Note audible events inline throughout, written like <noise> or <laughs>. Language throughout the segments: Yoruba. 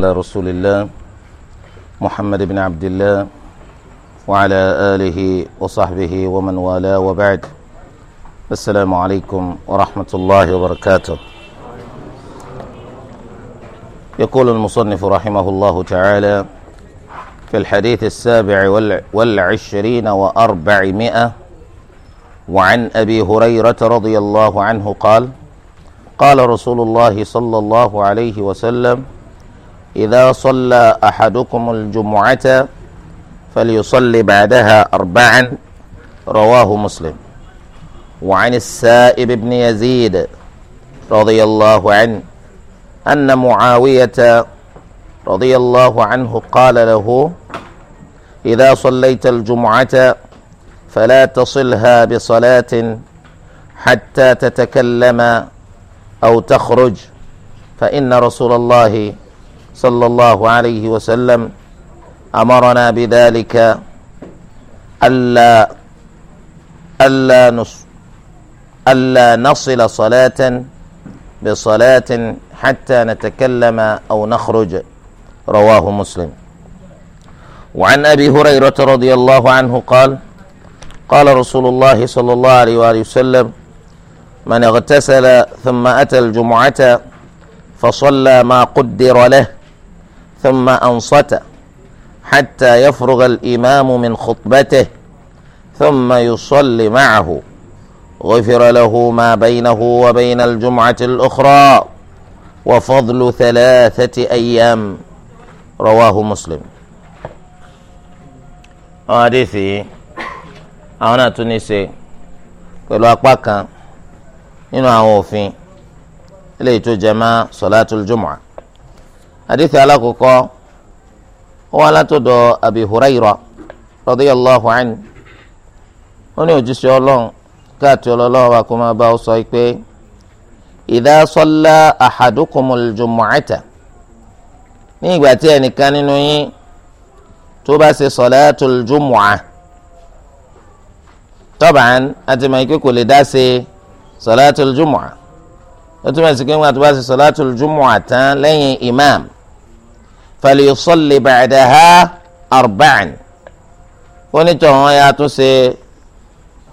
على رسول الله محمد بن عبد الله وعلى آله وصحبه ومن والاه وبعد السلام عليكم ورحمة الله وبركاته يقول المصنف رحمه الله تعالى في الحديث السابع والعشرين وأربعمائة وعن أبي هريرة رضي الله عنه قال قال رسول الله صلى الله عليه وسلم إذا صلى أحدكم الجمعة فليصلي بعدها أربعا رواه مسلم وعن السائب بن يزيد رضي الله عنه أن معاوية رضي الله عنه قال له إذا صليت الجمعة فلا تصلها بصلاة حتى تتكلم أو تخرج فإن رسول الله صلى الله عليه وسلم أمرنا بذلك ألا ألا نص ألا نصل صلاة بصلاة حتى نتكلم أو نخرج رواه مسلم وعن أبي هريرة رضي الله عنه قال قال رسول الله صلى الله عليه وآله وسلم من اغتسل ثم أتى الجمعة فصلى ما قدر له ثم أنصت حتى يفرغ الإمام من خطبته ثم يصلي معه غفر له ما بينه وبين الجمعة الأخرى وفضل ثلاثة أيام رواه مسلم حديثي أنا تونسي tún ní í ṣe pẹ̀lú apá kan nínú àwọn òfin eléyìí tó jẹ mọ́ hadith alakoko wọn alátọ̀dọ̀ abi hurayra radiyallahu anhu wọn ni òjíṣẹ́ ọlọ́run káàtì ọlọ́lọ́wọ́ wa kó máa bá ọ sọ pé idha salla ahadukumul jumu'ata ní ìgbà tí ẹnìkan nínú yín tó bá ṣe salatul jumu'ah tọ́bàn àti mọ̀ ikú kò lè dá ṣe salatul jumu'ah ó túmọ̀ sí pé wọn àti bá ṣe salatul jumu'ah tán lẹ́yìn imam falyusalli ba'daha arba'an onítọ̀hún ya tún ṣe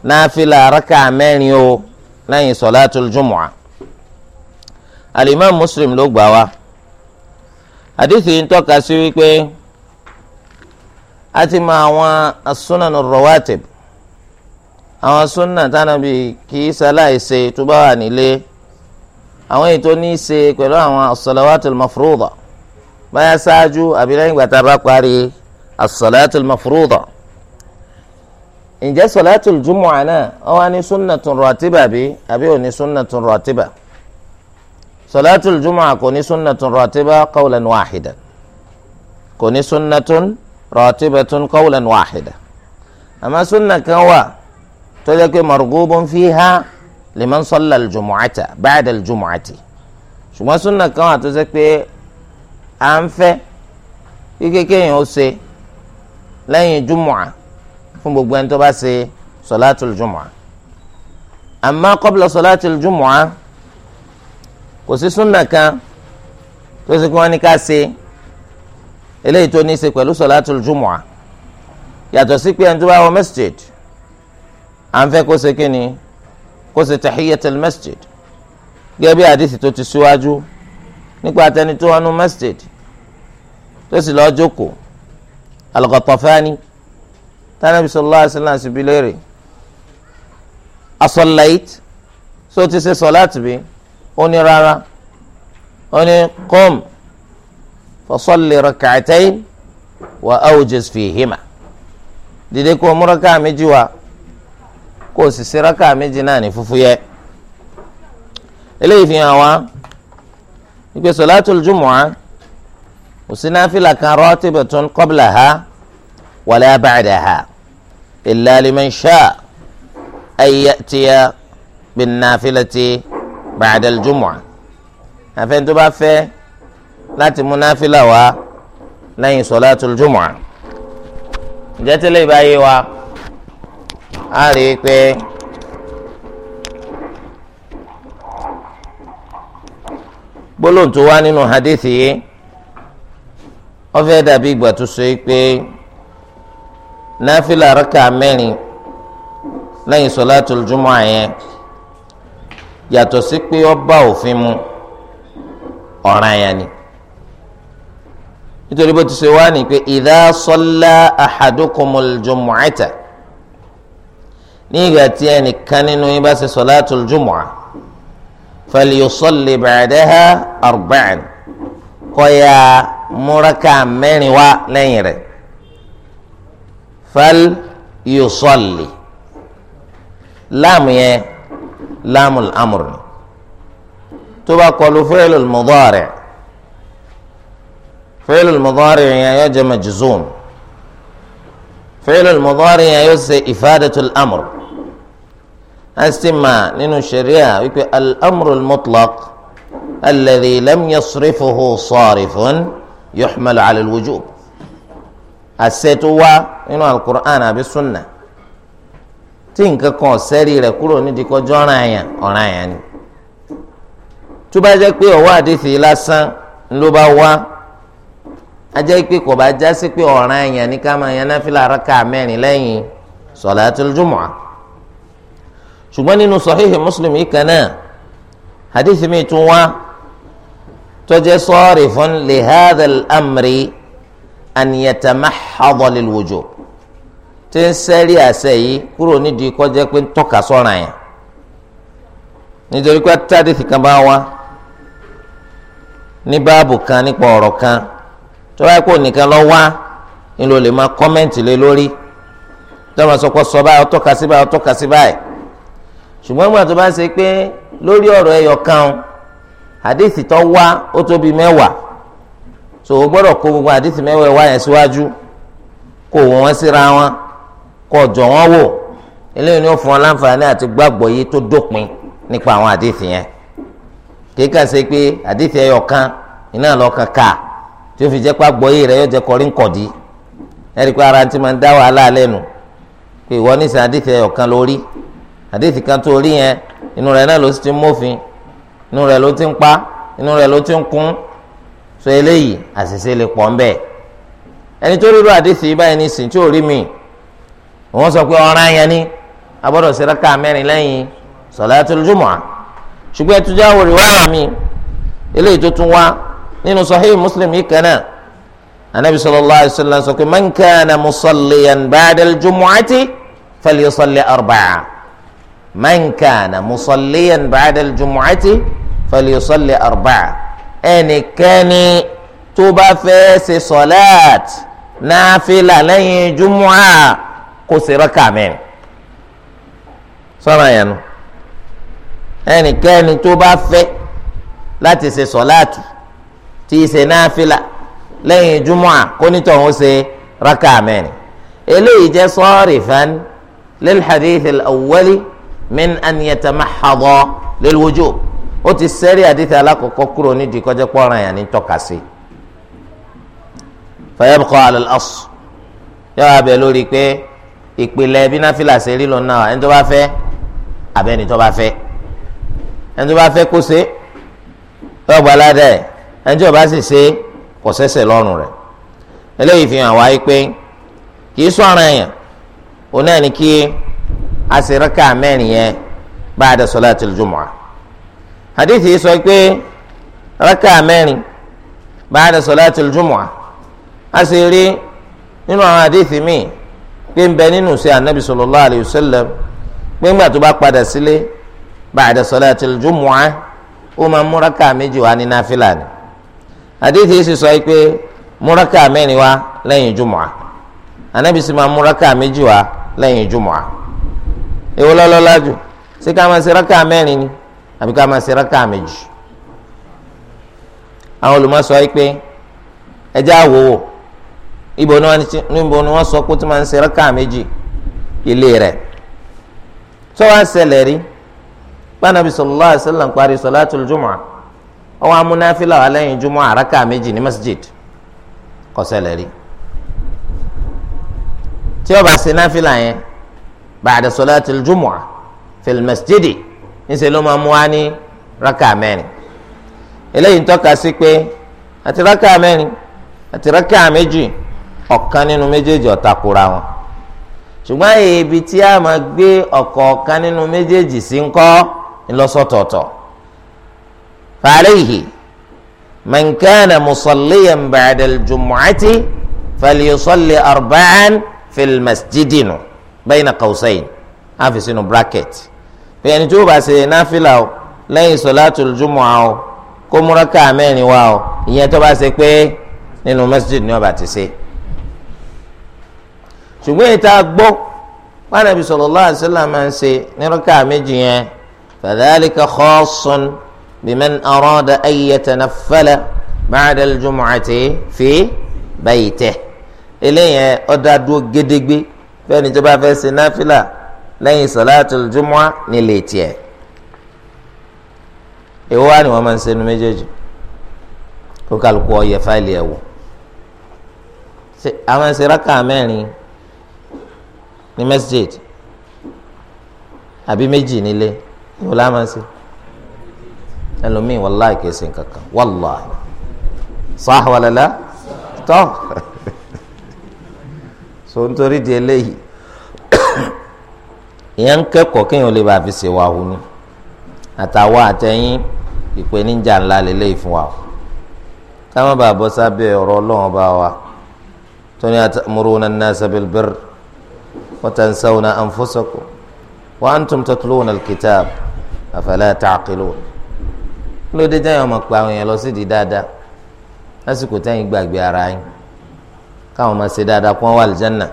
náfìlà rákà mẹ́rin o lẹ́yìn sọ̀látul jumu'ah alimam muslim ló gbà wá àdìsí ń tọ́ka sí wípé a ti mọ àwọn asúnànù rọwátìb àwọn súnà tánàbí kì í tó bá wà nílé àwọn ètò ní í ṣe pẹ̀lú àwọn as-salawatul báyà ṣáájú àbí lẹ́yìn ìgbà tá a bá parí as-salatul mafruḍa ǹjẹ́ salatul jumu'a náà ó wà ní sunnatun ratiba bí àbí ò ní sunnatun ratiba salatul jumu'a kò ní sunnatun ratiba qawlan wahida kò ní sunnatun ratibatun qawlan wahida àmọ́ sunna kan wà tó yẹ pé marghubun fiha liman salla al-jumu'ata ba'da al-jumu'ati ṣùgbọ́n sunna kan wà tó yẹ pé à ń fẹ́ kíkẹ́ kéèyàn ó ṣe lẹ́yìn júmọ̀à fún gbogbo ẹni tó bá ṣe sọ̀látùl júmọ̀à àmọ́ kọ́bùlọ̀ sọ̀látùl júmọ̀à kò sí súnà kan tó ṣe kí wọ́n ní ká ṣe eléyìí tó ní í ṣe pẹ̀lú sọ̀látùl júmọ̀à yàtọ̀ sí pé ẹni tó bá wọ masjid à ń fẹ́ kó ṣe kí ni kó ṣe tahiyatul gẹ́gẹ́ bí àdìsí tó ti síwájú. Si nípa àtẹni tó wọnú masjid tó sì lọ́ọ́ jókòó Al-Ghatafani tánàbí sallallahu alaihi wasallam síbi léèrè asọ̀láìt só ti ṣe sọ̀láàtì bí ó ní rárá ó ní qum fasalli rak'atayn wa awjiz fihima dìde kó mú méjì wá kó sì ṣe rákà méjì náà ní fúfú yẹ eléyìí fi hàn wá ìpè sọláàtúl jumu'ah kò sí náfìlà kan ratibatun qablaha wala ba'daha illa liman sha'a an ya'tiya bin nafilati ba'dal jumu'ah àfẹn tó bá fẹ́ láti mú náfìlà wá lẹ́yìn sọláàtúl jumu'ah ǹjẹ́ ìbáyé wa a rí i pé. gbólóhùn tó wá nínú hadithi yìí ó fẹ́ dàbí ìgbà tó sọ pé náfìlà rákà mẹ́rin lẹ́yìn sọlátul jumu'a àyẹn yàtọ̀ sí pé ó bá òfin mu ọ̀ranyàn ni nítorí bó ti ṣe wá ní pé idha salla ahadukumul jumu'ata ní ìgbà tí ẹnìkan nínú yín bá ṣe sọlátul jumu'a فليصلي بعدها أربعا قيا مركا من ولير فليصلي لام يه لام الأمر تبقى فعل المضارع فعل المضارع يا يج مجزوم فعل المضارع يجزي إفادة الأمر asima nínú sharia wípé al-amrul mutlaq alladhi lam yasrifuhu sarifun yuhmalu ala al-wujub àṣetúwa nínú al-Qur'an àbí sunna tí nǹkan kan ọ̀sẹ́rì rẹ̀ kúrò nídìí kọjọ́ ọ̀ràn àyàn ọ̀ràn àyàn ni tó bá jẹ́ pé ọ̀wọ́ àdìsí lásán ló bá wá a jẹ́ pé kò bá já sí pé ọ̀ràn àyàn ni ká máa yan náfìlà rákà mẹ́rin lẹ́yìn salatul jumu'ah ṣùgbọ́n nínú sọ̀híhì Muslim yìí kan náà hadith mi tún wá tó jẹ́ sarifun li hadha al-amri an yatamahhada lil-wujub tí ń sẹ́rí àṣẹ yìí kúrò nídìí kọjá pé ń tọ́ka sọ́ra yẹn nítorí pé tádìsì kan bá wá ní báàbù kan nípa ọ̀rọ̀ kan tó bá kó nìkan lọ wá nílò lè máa kọ́mẹ́ǹtì lé lórí tó máa sọ pé sọ báyìí ó tọ́ka sí báyìí ó tọ́ka sí báyìí ṣùgbọ́n ìgbà tó bá ṣe pé lórí ọ̀rọ̀ ẹyọ kan àdìsí tó wá ó tó mẹ́wàá so o gbọ́dọ̀ kó gbogbo àdìsí mẹ́wàá wá yẹn síwájú kó wọ́n wọ́n síra wọn kó jọ wọ́n wò eléyìí ni ó fún ọ láǹfààní àti gbàgbọ́ yìí tó dópin nípa àwọn àdìsí yẹn kéka ṣe pé àdìsí ẹyọ kan iná lọ kàkà tí ó fi jẹ́ pàgbọ́ yìí rẹ̀ yóò jẹ́ kọrí nkọ̀dí ẹ̀rí pé ara ti máa ń dá wàhálà lẹ́nu pé ìwọ àdéhìí kan tó rí yẹn inú rẹ̀ náà ló ti mófin inú rẹ̀ ló ti ń pa inú rẹ̀ ló ti ń kún so eléyìí àṣìṣe lè pọ̀ ńbẹ̀ ẹni tó rírọ àdéhìí báyìí ní sìn tí ò rí mi wọ́n sọ pé ọ̀ràn yẹn ni abọ́dọ̀ sí rákà mẹ́rin lẹ́yìn salatul jumu'ah ṣùgbọ́n ẹ tún jáwọ́ riwaya mi eléyìí tó tún wá nínú sahih muslim kan náà anabi sallallahu alayhi wa sallam sọ pé man kana musalliyan ba'dal jumu'ati falyusalli arba'a man kana musalliyan ba'da al-jumu'ati falyusalli arba'a ẹnikẹ́ni tó bá fẹ́ ṣe sọláàt náfìlà lẹ́yìn jumu'a kó ṣe rákà mẹ́rin sọ́nà yẹn nu ẹnikẹ́ni tó bá fẹ́ láti ṣe sọláàtù tí ṣe náfìlà lẹ́yìn jumu'a kó nítorí ó ṣe rákà mẹ́rin eléyìí jẹ́ sọ́ọ̀rì fún lil hadith al-awwali min an yatamahhada lil wujub ó ti sẹ́rí àdìsí alákọ̀ọ́kọ́ kúrò nídìí kọjá pọ́nrán yẹn ní tọ́ka sí fayabqa ala al-asl yóò wá bẹ̀ lórí pé ìpìlẹ̀ bí náfìlà ṣe rí lọ náà ẹni tó bá fẹ́ àbẹ́ni tó bá fẹ́ ẹni tó bá fẹ́ kó ṣe yóò gba aládà ẹni tó bá sì ṣe kò sẹ́sẹ̀ lọ́rùn rẹ̀ eléyìí fi hàn wáyé pé kì í sọ ọ̀ràn yẹn òun náà ni kí àṣìríkà mẹ́rin yẹn báadà sọláàtì jùmọ̀à hadithi sọ pé rákà mẹ́rin báadà sọláàtì jùmọ̀à a sì rí nínú àwọn hadithi míì pé ń bẹ nínú sí anabi sallallahu alayhi wa sallam pé ńgbà tó bá padà sílé báadà sọláàtì jùmọ̀à ó máa mú rákà méjì wá ní náfìlà ni hadithi sì sọ pé mú rákà mẹ́rin wá lẹ́yìn jùmọ̀à anabi sì máa mú rákà méjì wá lẹ́yìn jùmọ̀à èwo lọ́lọ́lá jù ṣé ká máa ṣe rákà mẹ́rin ni àbí ká máa ṣe rákà méjì àwọn olùmọ̀sọ yìí pé ẹjẹ́ àwòwò ibo ni wọ́n sọ pé tí máa ń ṣe rákà méjì ilé rẹ̀ tó wá ṣẹlẹ̀ rí pànàbí sallallahu alaihi wasallam parí salatul jumu'ah ọwọ́ amúnáfílà wà lẹ́yìn jumu'ah rákà méjì ní masjid kò ṣẹlẹ̀ rí tí ó ṣe náfílà yẹn bàdà sọláàtì jùmọ̀à fìlmẹ̀sídìdì ńṣe ló máa mú wá ní rákà mẹ́rin eléyìí ń tọ́ka sí pé àti rákà mẹ́rin àti rákà méjì ọ̀kan nínú méjèèjì ó takora wọn ṣùgbọ́n ibi tí a máa gbé ọ̀kọ̀ọ̀kan nínú méjèèjì sí ń kọ́ ńlọ́sọ̀tọ̀ọ̀tọ̀ fàlẹ́yìí mẹ̀ńkánà mùsọ̀lẹ́yìn bàdà jùmọ̀àtì fàlẹ́yìí sọ́lẹ̀ arba'an fìlmẹ̀sídìdì bayna qawsayn àfi sínú bracket pé ẹni tó bá ṣe náfìlà o lẹ́yìn solatul jumu'a o kó múra ká mẹ́rin wá o ìyẹn tó bá ṣe pé nínú masjid ni ó bá ti ṣe. ṣùgbọ́n ìta gbọ́ pàdánù sallallahu alaihi wasallam máa ń ṣe nírọ̀ ká méjì yẹn fadhalika khassun biman arada an yatanaffala ba'da al-jumu'ati fi baytihi eléyẹn ó dúró gédégbé bẹ́ẹ̀ ni tó bá fẹ́ ṣe náfìlà lẹ́yìn sọ̀láàtúl júmọ́à nílé tiẹ̀ èwo wá ni wọ́n máa ń ṣe nu méjèèjì kó kálukú ọyẹ fáìlì ẹ̀ wò àwọn ẹsẹ̀ rákà mẹ́rin ní masjid àbí méjì nílé ìwọ la máa ń ẹlòmíì wàláì kìí ṣe nǹkan kan wàláì sọ àwàlẹ́lá tọ́ so nítorí di eléyìí ìyẹn ń kẹ́kọ̀ọ́ kéèyàn lè bá a fi ṣe wà hù ni àtàwọn àtẹ̀yìn ìpèníjà ńlá lélẹ́yìí fún wa o ká má bàa bọ́ sábẹ́ ọ̀rọ̀ ọlọ́run bá wa tóní àtàmúrúnà an-nasa bil-birr wa tansawna anfusakum wa antum tatluna al-kitab afala ta'qilun lóde táyà ọmọ pa àwọn èèyàn lọ sídìí dáadáa lásìkò táyà gbàgbé ara yín káwọn máa ṣe dáadáa kó wọn wà lìjánà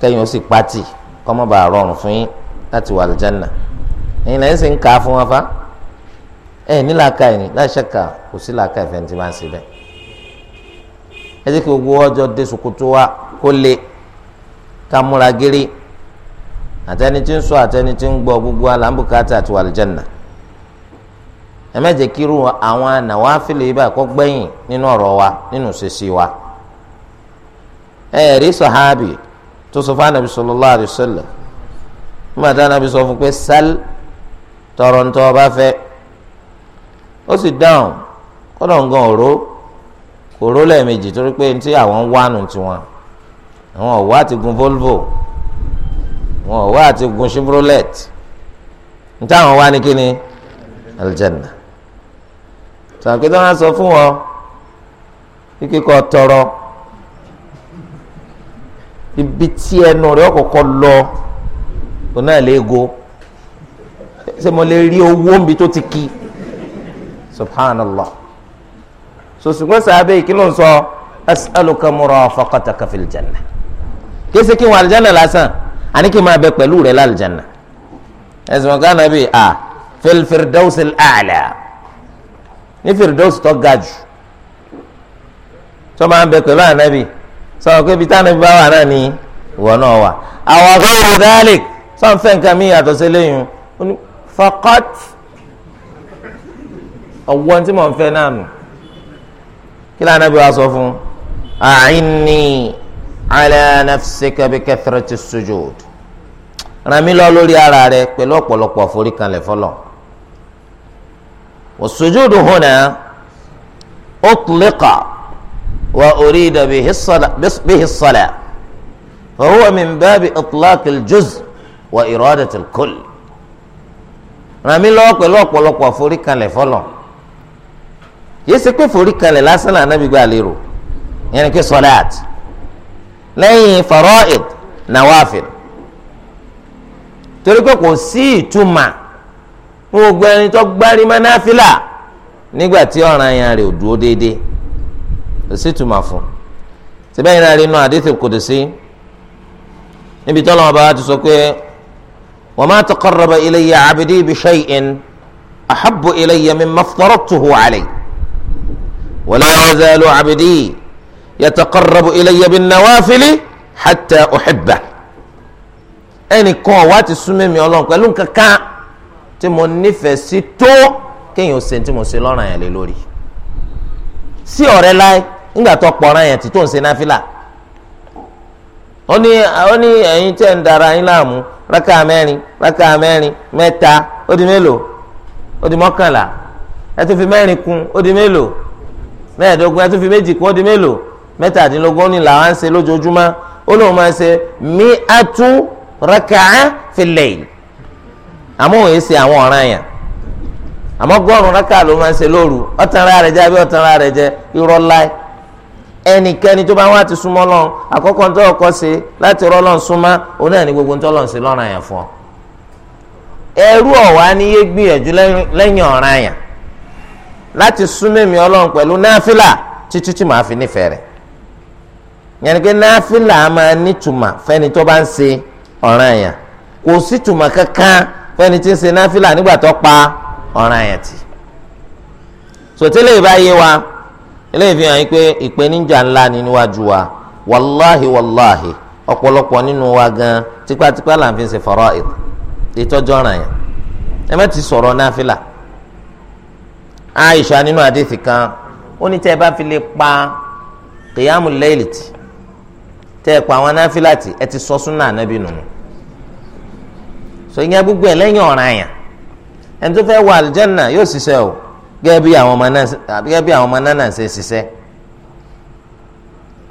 kẹ́yìn ó sì pátì kó má bàa rọrùn fún yín láti wà lìjánà ẹ̀yin lẹ́yìn sì ń kà á fún wọn fa ẹ̀ ní làákà ẹ̀ ní láṣẹ̀ka kò sí làákà ìfẹ́ tí máa ń ṣe bẹ́ẹ̀ ẹ jẹ́ kí gbogbo ọjọ́ dé ṣòkòtò wa kó le ká múra gírí àtẹni tí ń sọ àtẹni tí ń gbọ́ gbogbo alambukata àti wà lìjánà ẹ má jẹ́ kí irú àwọn ànàwọ́ àfìlè ibà kó gbẹ̀yìn nínú ọ̀rọ̀ wa nínú ṣèṣì wa ẹ̀rí sọ̀hábì tó sọ fún anabi sallallahu alayhi wa sallam nígbà tí anabi sọ fún pé sal tọrọ ń tọ́ ọba fẹ́ ó sì dáhùn kọ́dọ̀ nǹkan òró òró lẹ́ẹ̀mejì torí pé ní tí àwọn ń wánu tiwọn àwọn ọ̀wá àti gun Volvo àwọn ọ̀wá àti gun Chevrolet ní táwọn wá ní kíni aljanna tàbí tí wọ́n sọ fún wọn kíkọ́ tọrọ ibi tí ẹnu rẹ̀ ọ̀kọ̀ọ̀kọ̀ lọ òun náà lè go ṣé mo lè rí owó nbi tó ti kí subhanallah sòṣùgbọ́n sàbẹ̀ ìkíló ń sọ as'aluka murafaqataka fil janna kí ṣe kí wọn àlìjáná lásán àní kí n máa bẹ pẹ̀lú rẹ̀ lálìjáná ẹ̀sìn ọ̀gá nàbí a fil firdausi al-a'la ní firdausi tó ga tó máa bẹ pẹ̀lú ànábì sọ̀rọ̀ pé ibi táwọn ibi bá wà náà ni ìwọ náà wà àwọn akọ́wé dalek sọ̀nfẹ́ nǹkan mi yàtọ̀ sí lẹ́yìn o ní fakọ́t ọ̀wọ́ tí mò ń fẹ́ náà nù kí lóun anábì wa sọ fún àìní ala nafsika bi kathrati sujud ràn mí lọ lórí ara rẹ pẹ̀lú ọ̀pọ̀lọpọ̀ àforíkanlẹ̀ fọlọ́ wọ́n sujud hùnà ó tùlẹ̀kà. وأريد به الصلاة به الصلاة فهو من باب إطلاق الجزء وإرادة الكل ràn mí lọ́wọ́ pẹ̀lú ọ̀pọ̀lọpọ̀ àforíkanlẹ̀ fọlọ̀ yìí ṣe pé foríkanlẹ̀ lásán là nábì gbà lérò yẹn ni pé sọláàt lẹ́yìn faraid nawafil torí pé kò sí ìtumà fún gbogbo ẹni tó gbárí mọ́ náfìlà nígbà tí ọ̀ranyàn rẹ̀ ò dúró déédéé kò sí ìtumọ̀ fún síbẹ̀yìn náà rí inú àdìsí kùdùsí níbi tọ́lọ́ wọn bá ti sọ pé wa ma taqarraba ilayya abdi bi shay'in ahabbu ilayya mimma aftaradtuhu alayhi wa la yazalu abdi yataqarrabu ilayya bin nawafili hatta uhibbahu ẹnìkan wá ti súnmọ́ mi ọlọ́run pẹ̀lú kankan tí mo nífẹ̀ẹ́ sí tó kéèyàn ó ṣe mo ṣe lọ́ràn yẹn lé lórí sí ọ̀rẹ́ láì nígbà tó pọ̀ran yẹn tí tó ń ṣe náfìlà ó ní ó ní ẹ̀yin tẹ́ ń dara yín láàmú rákà mẹ́rin rákà mẹ́rin mẹ́ta ó di mélòó ó di mọ́kànlá ẹ tún fi mẹ́rin kún ó di mélòó mẹ́ẹ̀ẹ́dógún ẹ tún fi méjì kún ó di mélòó mẹ́tàdínlógún ni làwọn ń ṣe lójoojúmọ́ ó lóun máa ń ṣe mí atú rákà fìlẹ̀ yìí yìí ṣe àwọn ọ̀ràn yẹn àmọ́ gọ́ọ̀rùn rákà ló máa ń ṣe lóru ọ̀tàn rárẹ̀ jẹ́ àbí ọ̀tàn rárẹ̀ jẹ́ irọ́ láì ẹnikẹ́ni tó bá wá ti súnmọ́ lọ́n àkọ́kọ́ tó ọkọ ṣe láti rọ́lọ́n súnmọ́ òun náà ní gbogbo tó lọ́n ṣe lọ́ràn yẹn fún ọ. ẹrú ọ̀wá ni yé gbìyànjú lẹ́yìn ọ̀ràn yẹn láti súnmẹ́mi ọlọ́run pẹ̀lú náfìlà títí tí màá fi nífẹ̀ẹ́ rẹ̀ yẹn ni pé náfìlà máa nítumà fẹ́ni tó bá ń ṣe ọ̀ràn yẹn kò sí tùmà kankan fẹ́ni tí ń ṣe náfìlà nígbà tó pa ọ̀ràn yẹn tì sòtẹ́lẹ̀ ìbáyé eléyìí fi hàn yín pé ìpèníjà ńlá ni níwájú wa wàláhì wàláhì ọ̀pọ̀lọpọ̀ nínú wa gan tipátipá là ń fi ṣe faraid ìtọ́jú ọ̀ràn yẹn ẹ má ti sọ̀rọ̀ náfìlà aịsha nínú àdìsí kan ó ní tẹ́ ẹ bá fi lè pa kìyàmù lẹ́yìlìtì tẹ́ ẹ pa àwọn náfìlà tì ẹ ti sọ súnà ànábì nù sọ ìyẹn gbogbo ẹ lẹ́yìn ọ̀ràn yẹn ẹni tó fẹ́ wọ àlùjánnà yóò ṣiṣẹ́ o. gẹ́gẹ́ bí àwọn ọmọ náà gẹ́gẹ́ bí àwọn ọmọ náà náà ṣe ṣiṣẹ́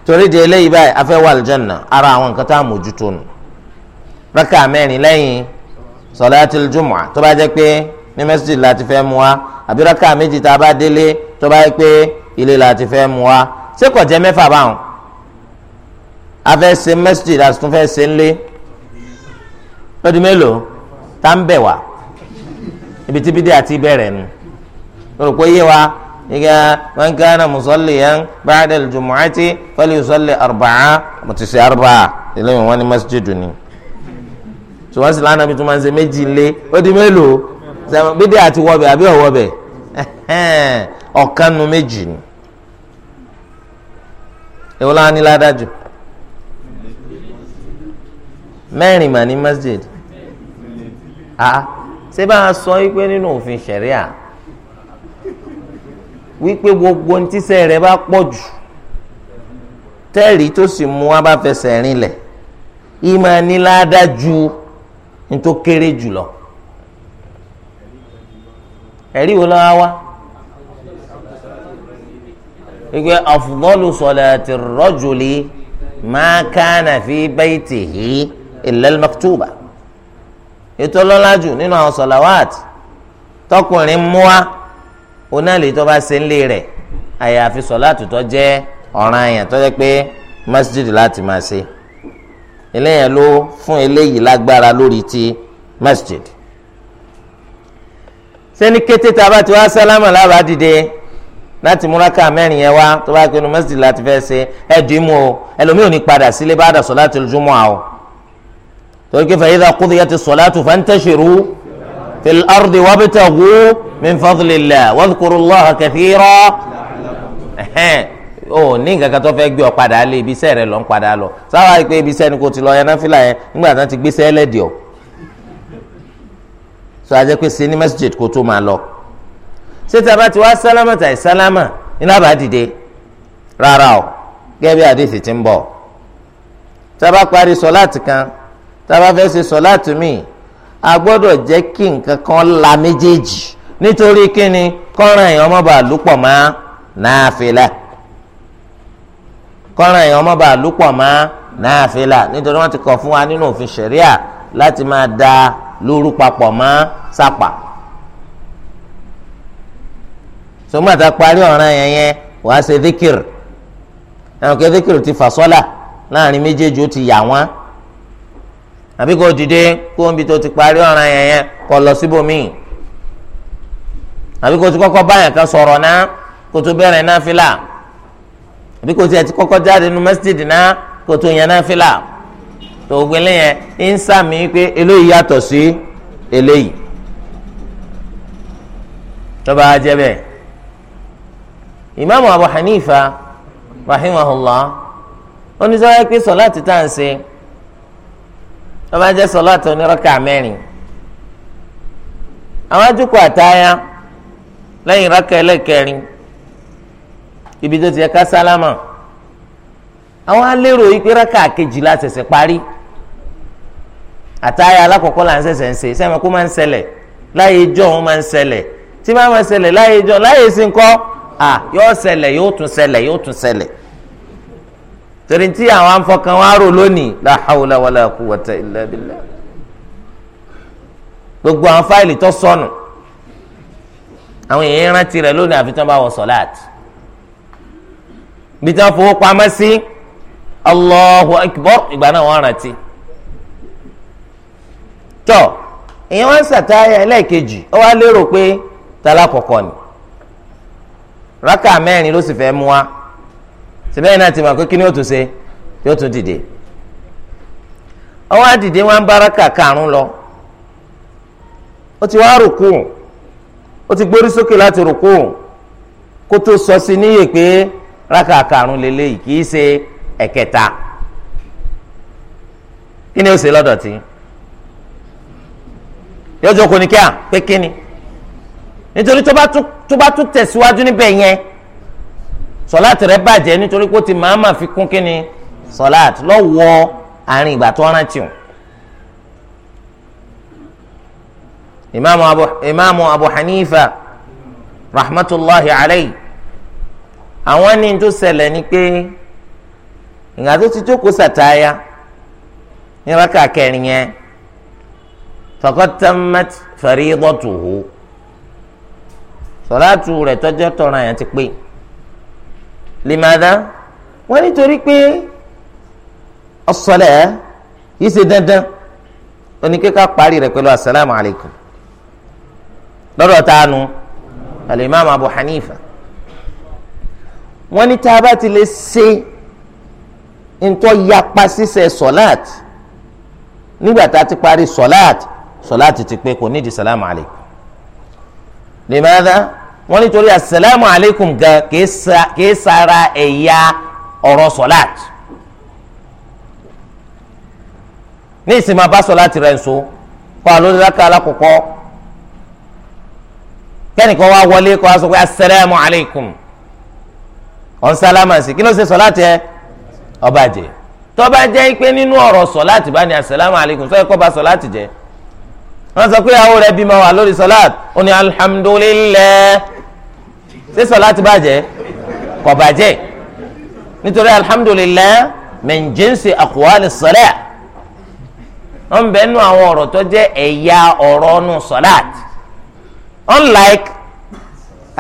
torí di eléyìí báyìí afẹ́ wà lìjánà ara àwọn nǹkan tá a mójútó nù rákà mẹ́rin lẹ́yìn sọláàtì jùmọ̀ tó bá jẹ́ pé ní mẹ́sìtì láti fẹ́ mu wa àbí rákà méjì tá a bá délé tó bá jẹ́ pé ilé láti fẹ́ mu wa ṣé kò jẹ́ mẹ́fà báwọn afẹ́ ṣe mẹ́sìtì láti tún fẹ́ ṣe ń lé lọ́dún mélòó tá ń bẹ̀ wá ibi tí bídé àti bẹ̀rẹ̀ nu lórúkọ yé wa nígbà man kana musalliyan ba'da al-jumu'ati falyusalli arba'a mo ti ṣe arba'a eléyìí wọn ní masjidu ni tí wọn sì lánàá bí tí wọn ṣe méjì lé ó di mélòó sẹmu bídẹ àti wọbẹ àbí ọwọbẹ <laughs> ọkànnù méjì ni èwo la ní ládájú mẹ́rin mà ní masjid ah ṣé bá a sọ wípé nínú òfin ṣẹ̀ríà wípé gbogbo ntísẹ́ rẹ̀ bá pọ̀ jù tẹ́ẹ̀rí tó sì mú wa bá fẹsẹ̀ rinlẹ̀ ìmọ̀ níláàdá ju nítorí kéré jùlọ ẹ̀rí wo lọ́wọ́ wá wípé afdalu salati rajuli ma kana fi baytihi illa al-maktuba ètò ọlọ́lá jù nínú àwọn sọ̀làwàt tọkùnrin mú wa oná lè tó bá ṣe ń lé rẹ̀ àyàfi sọ̀láàtù tó jẹ́ ọ̀ranyàn tó jẹ́ pé masjid láti máa ṣe eléyàn ló fún eléyìí lágbára lórí ti masjid. sẹ́ni kété tá a bá ti wá sálámà lábàá dìde láti múraká mẹ́rin yẹn wá tó bá pinnu masjid láti fẹ́ ṣe ẹ o ẹlòmíì ní padà sílé bá dà sọ̀láàtù lójúmọ́ àwọn torí kí fẹ́ yíyá kúndìyà ti sọ̀láàtù fantashiru. في الأرض وابتغوا من فضل الله واذكروا الله كثيرا o ní nǹkan kan tó fẹ́ gbé ọ padà lé ibiṣẹ́ rẹ lọ ń padà lọ sáwá pé ibiṣẹ́ ni kò ti lọ yẹn náfìlà yẹn nígbà tí wọ́n ti gbéṣẹ́ ẹlẹ́dìí ọ. sọ ajẹ́ pé ṣe ní masjid kó tó máa lọ. ṣé tí a bá ti wá sálámà tàì sálámà ní lábàá dìde rárá o gẹ́gẹ́ bí àdéhìí ti ń bọ̀. tí a bá parí sọ láti kan tí a bá fẹ́ ṣe sọ láti míì a gbọ́dọ̀ jẹ́ kí nǹkan kan la méjèèjì nítorí kíni kọ́ran èèyàn má bàa lúpọ̀ mọ́ náàfilà kọ́ran èèyàn má bàa lúpọ̀ mọ́ náàfilà nítorí wọ́n ti kọ̀ fún wa nínú òfin ṣẹ̀ríà láti máa da lóru papọ̀ mọ́ sápà sọgbàtà parí ọ̀ràn yẹn yẹn wàá ṣe díkìrì ẹnìkan díkìrì ti fà sọ́là láàrin méjèèjì ó ti yà wọ́n àbí kò dìde kó omi tó ti parí ọ̀ràn yẹn yẹn kó lọ síbòmíì àbí kò ti kọ́kọ́ báyàn kan sọ̀rọ̀ náà kó tó bẹ̀rẹ̀ náfìlà àbí kò tiẹ̀ ti kọ́kọ́ jáde nu mẹ́sídìdì náà kó tó yẹn náfìlà tó gbélé yẹn ń sàmì pé eléyìí yàtọ̀ sí eléyìí tó bá bẹ́ẹ̀ ìmáàmù Abu Hanifa rahimahullah oníṣẹ́ wáyé pé sọ láti tá à ń ṣe wọ́n máa ń jẹ́ sọ́lá tó ní rọ́kà mẹ́rin àwọn àjùkọ̀ àtàyà lẹ́yìn rọ́kà ẹlẹ́kẹrin ibi tó ti yẹ ká sálámà àwọn alérò yìí pé rọ́kà kejìlá ṣẹ̀ṣẹ̀ parí àtàyà alákọ̀ọ́kọ́ là ń ṣẹ̀ṣẹ̀ ń ṣe sẹ́mi kó máa ń ṣẹlẹ̀ láyé ijó òun máa ń ṣẹlẹ̀ tí máa ń ṣẹlẹ̀ láyé ijó láyé sí ń yóò ṣẹlẹ̀ yóò tún ṣẹlẹ̀ yóò tún ṣẹlẹ̀ torí tí àwọn afọkàn wa rò lónìí la hawla wala quwwata illa gbogbo àwọn fáìlì tó sọnù àwọn èèyàn rántí rẹ lónìí àfi tí wọ́n bá wọ sọláàtì bí tí wọ́n fowó pamọ́ sí Allahu akbar ìgbà náà wọ́n rántí tọ èèyàn wọn ṣàtàyà ẹlẹ́ẹ̀kejì ó wá lérò pé tala kọ̀kọ́ ni rákà mẹ́rin ló sì fẹ́ mú wa. sẹ́bẹ̀yìn náà ti mọ̀ ó tún ṣe yóò tún dìde ọwọ́ àdìde wọn bára lọ ó ti wá rùkú ó ti gbórí sókè láti rùkú kó tó sọ sí níyè pé lélẹ́yìí kì í ṣe ẹ̀kẹta kí ni ó ṣe lọ́dọ̀tí yọjọ kò ní kí pé sọláàtì rẹ bàjẹ́ nítorí pé ó ti màámà fi kún kínni sọláàtì lọ́wọ́ àárín ìgbà tó rántí o. imaamu abu imaamu abu hanifa rahmatulahi alayhi àwọn ní tó ṣẹlẹ̀ ni pé ìgbà tó ti jókòó sàtáyà ní rákà kẹrin yẹn faqad tammat faridatuhu sọláàtù rẹ̀ tọ́jọ́ tọ̀ràn yẹn ti pé limadha wọ́n nítorí pé ọ̀sọ̀lẹ̀ yìí ṣe dandan oníkéka parí rẹ̀ pẹ̀lú asalaamu alaykum lọ́dọ̀ tánu alimami abu hanifa wọ́n ní tá a bá ti lè ṣe ntọ́ yapa ṣíṣe sọ̀láàt nígbà tá a ti parí sọ̀láàt sọ̀láàt ti pé kò nídìí salaamu alaykum limadha wọ́n nítorí asalaamu aleykum gan kìí sara ẹ̀yà ọ̀rọ̀ sọ̀láàtì ní ìsinmi abá sọ̀láàtì rẹ̀ nso kọ́ àlóde lákà alákọ̀ọ́kọ́ kẹ́nìkan wá wọlé kọ́ aṣọ pé asalaamu aleykum ọ̀n sálámà sí kí ló ṣe sọ̀láàtì ẹ ọba jẹ tọ́ba jẹ́ pé nínú ọ̀rọ̀ sọ̀láàtì bá ní asalaamu aleykum sọ́yẹ́ kọ́ ba sọ̀láàtì jẹ́ wọ́n sọ pé àwọn rẹ̀ bímọ wà lórí sọ̀láàtì ó ní alhamdulilayi ṣé sọláàtì bàjẹ́ kò bàjẹ́ nítorí alhamdulillah min jinsi aqwali salat wọn bẹ nu àwọn ọ̀rọ̀ tó jẹ́ ẹ̀yà ọ̀rọ̀ nu salat unlike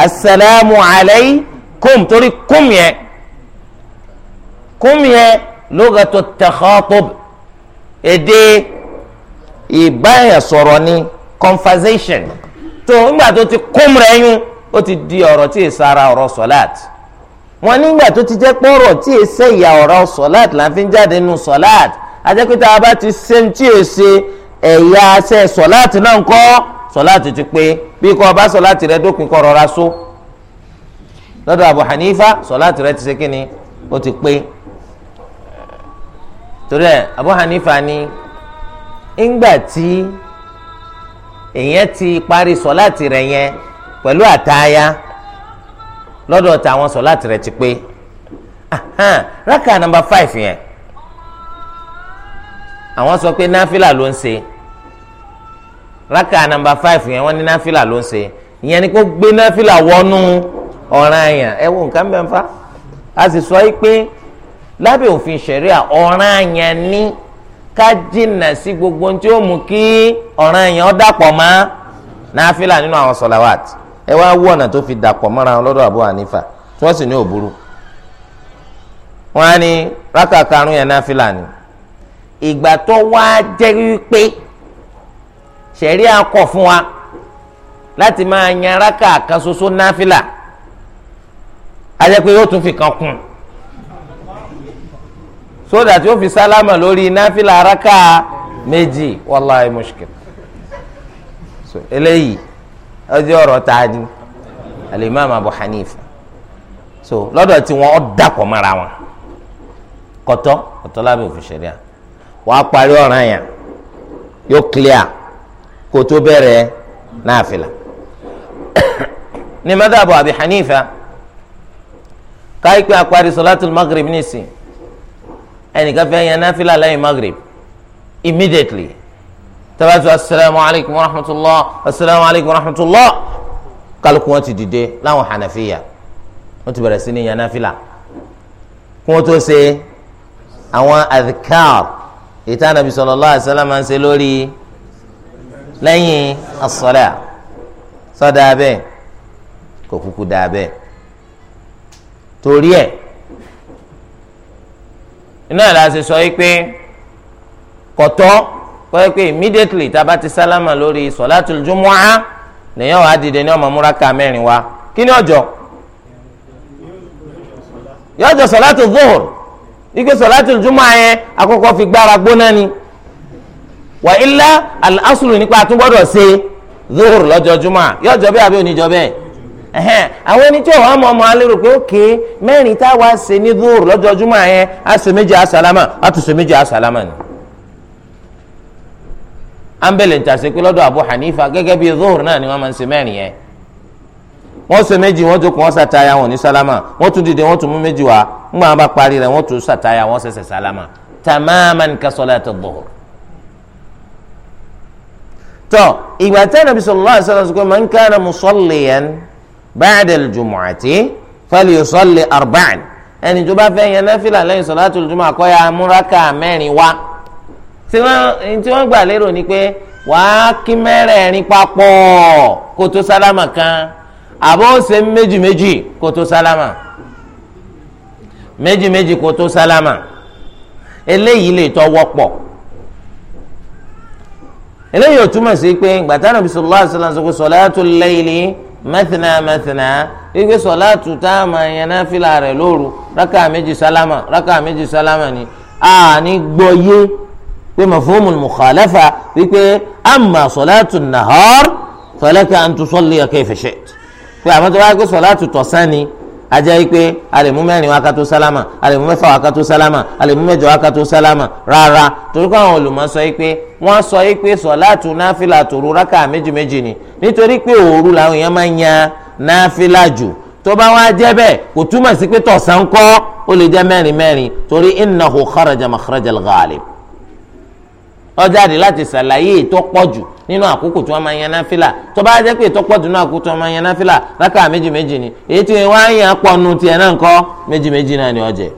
asalaamu alaykum torí kum yẹn kum yẹn lugatu takhatub èdè ìbáyà sọ̀rọ̀ ni conversation tó nígbà tó ti kum rẹ̀ yún. ó ti di ọ̀rọ̀ tí ì sara ọ̀rọ̀ wọn nígbà tó ti jẹ́ pé tí ì ṣe ìyà ọ̀rọ̀ sọ̀láàt là ń fi jáde ti ṣe tí ì ṣe ẹ̀yà ṣe sọ̀láàt náà ń kọ́ ti pé bí kò bá sọ̀láàt rẹ dópin kọ́ rọra só lọ́dọ̀ Abu Hanifa sọ̀láàt rẹ ti ṣe ti pé torí Abu Hanifa ni ńgbà tí èèyàn ti parí sọ̀láàt rẹ pẹ̀lú àtàyà lọ́dọ̀ tàwọn sọ̀láàtì rẹ̀ ti pé rákà nàmbà five yẹn àwọn sọ pé náfìlà ló ń ṣe rákà nàmbà five yẹn wọ́n ní náfìlà ló ń ṣe ìyẹn ni kó gbé náfìlà wọnú ọ̀ràn àyàn ẹ wo nǹkan bẹ́ẹ̀ fa a sì sọ yìí pé lábẹ́ òfin ṣẹ̀ríà ọ̀ràn àyàn ní ká jìnnà sí gbogbo ohun tí ó mú kí ọ̀ràn àyàn dàpọ̀ mọ́ náfìlà nínú àwọn sọ̀làwàtì ẹ wá wọ ọ̀nà tó fi dàpọ̀ mọ́ra wọn lọ́dọ̀ Abu Hanifa tí wọ́n sì ní òbúrú wọn á ní rákà karùn yẹn náà fìlàní ìgbà tó wá jẹ́ wípé ṣẹ̀rí akọ̀ fún wa láti máa yan rákà kan ṣoṣo náà fìlà á jẹ́ pé yóò tún fi kan kún un sódà tí ó fi sálámà lórí náfìlà araka méjì wàláhì mushkil so eléyìí ọjọ́ ọ̀rọ̀ ta ni alimami abu hanifa so lọ́dọ̀ tí wọ́n ọ́ dàpọ̀ mọ́ra wọn kọ́tọ́ kọ́tọ́ lábẹ́ òfin ṣẹ̀ríà wàá parí ọ̀ràn yẹn yóò clear kó tó bẹ̀rẹ̀ náfìlà <coughs> ní madhabu abi hanifa káyipẹ́ àparí sọlátul maghrib nísìn ẹnìkan fẹ́ yan náfìlà lẹ́yìn maghrib immediately tabatu asalaamu alaykum wa rahmatulah asalaamu alaykum wa rahmatulah kálukú wọn ti dìde láwọn hànàfíyà wọn ti bẹ̀rẹ̀ sí ní yanáfìlà kí wọn tó ṣe àwọn adhikar ìta nàbì sallallahu alaihi wasallam máa ń ṣe lórí lẹ́yìn asọlá sọdọ abẹ kò kúkú dá torí ẹ iná ìlàsẹ sọ yìí pé kọtọ kọ́yẹ́ pé immediately tá a bá ti sálámà lórí sọ̀látùl jumu'ah lèyàn wà á dìde ní ọmọ múra ká mẹ́rin wa kí ni ọjọ́ yọjọ sọ̀látù zuhur ike sọ̀látùl jumu'ah yẹn akọ́kọ́ fi gbára gbóná ni wà ilá al-aslu nípa àtúgbọ́dọ̀ ṣe zuhur lọ́jọ́ jumu'ah yọjọ bẹ́ẹ̀ àbí oníjọ bẹ́ẹ̀ ẹhẹn àwọn ẹni tí ọ̀hún ọmọ ọmọ alérò pé ókè mẹ́rin táwa ṣe ní zuhur lọ́jọ́ jumu'ah yẹn á méjì á sálámà méjì á ni ambele ntase pé lọ́dọ̀ abu hanifa gẹ́gẹ́ bíi zuhur náà ni wọ́n máa ń ṣe mẹ́rin yẹn wọ́n ṣe méjì wọ́n jókòó wọ́n ṣàtàyà wọn ní sálámà wọ́n tún dìde wọ́n tún mú méjì wá ńgbà wọn bá parí rẹ̀ wọ́n tún ṣàtàyà wọ́n ṣẹ̀ṣẹ̀ sálámà tamaman ka salati zuhur. tọ ìgbà tí Ànábì sallallahu alaihi wasallam sọ pé man kana musalliyan ba'da al-jumu'ati falyusalli arba'an ẹni tó fẹ́ yẹn náfìlà lẹ́yìn salatul jumu'a àkọ́yà múraká mẹ́rin wá tí wọ́n tí wọ́n gbà lérò ni pé wàá kí mẹ́rẹ̀ẹ̀rin papọ̀ kó tó sálámà kan àbọ̀ ṣe méjì méjì kó tó sálámà méjì méjì kó tó sálámà eléyìí lè tọ́ wọ́pọ̀ eléyìí ò túmọ̀ sí pé gbàtà nàbí sallallahu alaihi wasallam sọ̀kò salatul layli mathna mathna wípé salatu tá a máa yan náfìlà rẹ̀ lóru rákà méjì sálámà rákà méjì sálámà ni àní gbọ́ yé pé mafhumul mukhalafa wípé amma salatu nahar falaka an tusalli kayfa shi'ta pé àmọ́ tó bá gbé salatu tọ̀sán ni ajá wípé alẹ́mú mẹ́rin wákà tó sálámà alẹ́mú mẹ́fà wákà tó sálámà alẹ́mú mẹ́jọ wákà tó sálámà rárá torí kọ́ àwọn olùmọ̀ sọ wípé wọ́n sọ wípé sọ̀láàtù náfìlà tòru rákà méjì méjì ni nítorí pé òru làwọn èèyàn máa ń yan náfìlà jù tó bá wá jẹ́ bẹ́ẹ̀ kò túmọ̀ sí pé tọ̀sán kọ́ ó lè jẹ́ mẹ́rin mẹ́rin torí innahu kharaja makhraja al ó jáde láti ṣàlàyé ètò pọ̀jù nínú àkókò tí wọ́n máa yan náfìlà tó bá jẹ́ pé ètò pọ̀jù nínú àkókò tí wọ́n máa yan náfìlà rákà méjì méjì ni èyí tí wọ́n á yan pọ̀nù tiẹ̀ náà ńkọ́ méjì méjì náà ni ọ̀jẹ̀.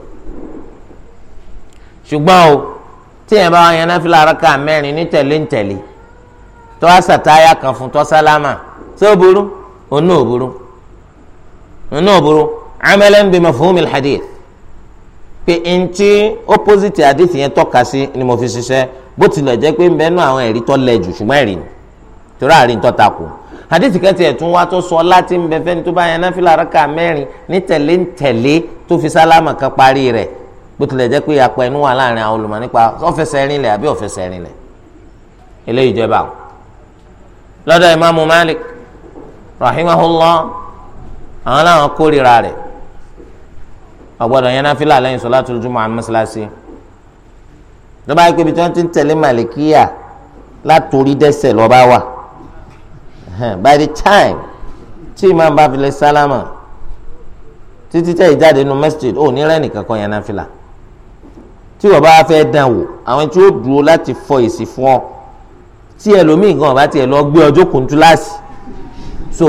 ṣùgbọ́n o tí yẹn bá yan náfìlà rákà mẹ́rin ní tẹ̀lé ń tẹ̀lé tó wá sàtáyà kan fún tó sálámà ṣé ó burú òun náà burú òun náà burú amalan bi mafhumil hadith pé ntí opposite hadith yẹn tọ́ka sí ni mo fi ṣiṣẹ́ bó tilẹ̀ jẹ́ pé mbẹ́nu àwọn ẹ̀rí tó lẹ jù ṣùgbọ́n ẹ̀rí ni torí àárín tó takò àdìsí kẹtì ẹ̀ tún wá tó sọ láti ń bẹ fẹ́ni tó bá yan náfìlà rákà mẹ́rin ní tẹ̀lé ń tẹ̀lé tó fi sálámà kan parí rẹ̀ bó tilẹ̀ jẹ́ pé apẹ̀ inú wà láàrin àwọn olùmọ̀ nípa ọ̀fẹsẹ̀ rinlẹ̀ àbí ọ̀fẹsẹ̀ rinlẹ̀ eléyìí jẹ́ báwọn. lọ́dọ̀ ìmáàmù Malik rahimahullah àwọn làwọn kórìíra rẹ̀ ọ̀gbọ́dọ̀ yan náfìlà lẹ́yìn sọ́látùl jumu'ah mọ́sálásí lọ́ba yìí pé ibi tí wọ́n ti ń tẹ̀lé màlìkíyà látòrí dẹ́sẹ̀ lọ́ba wà by the time tí imam bá fi lè sálámà títí tẹ̀ ìjáde nu masjid ò ní rẹ́nìkan kan yẹn náà fìlà tí wọ́n bá fẹ́ dàn wò àwọn tí ó dúró láti fọ èsì fún ọ tí ẹlòmíì gan bá tiẹ̀ lọ gbé ọjọ́ kùntù láàsì so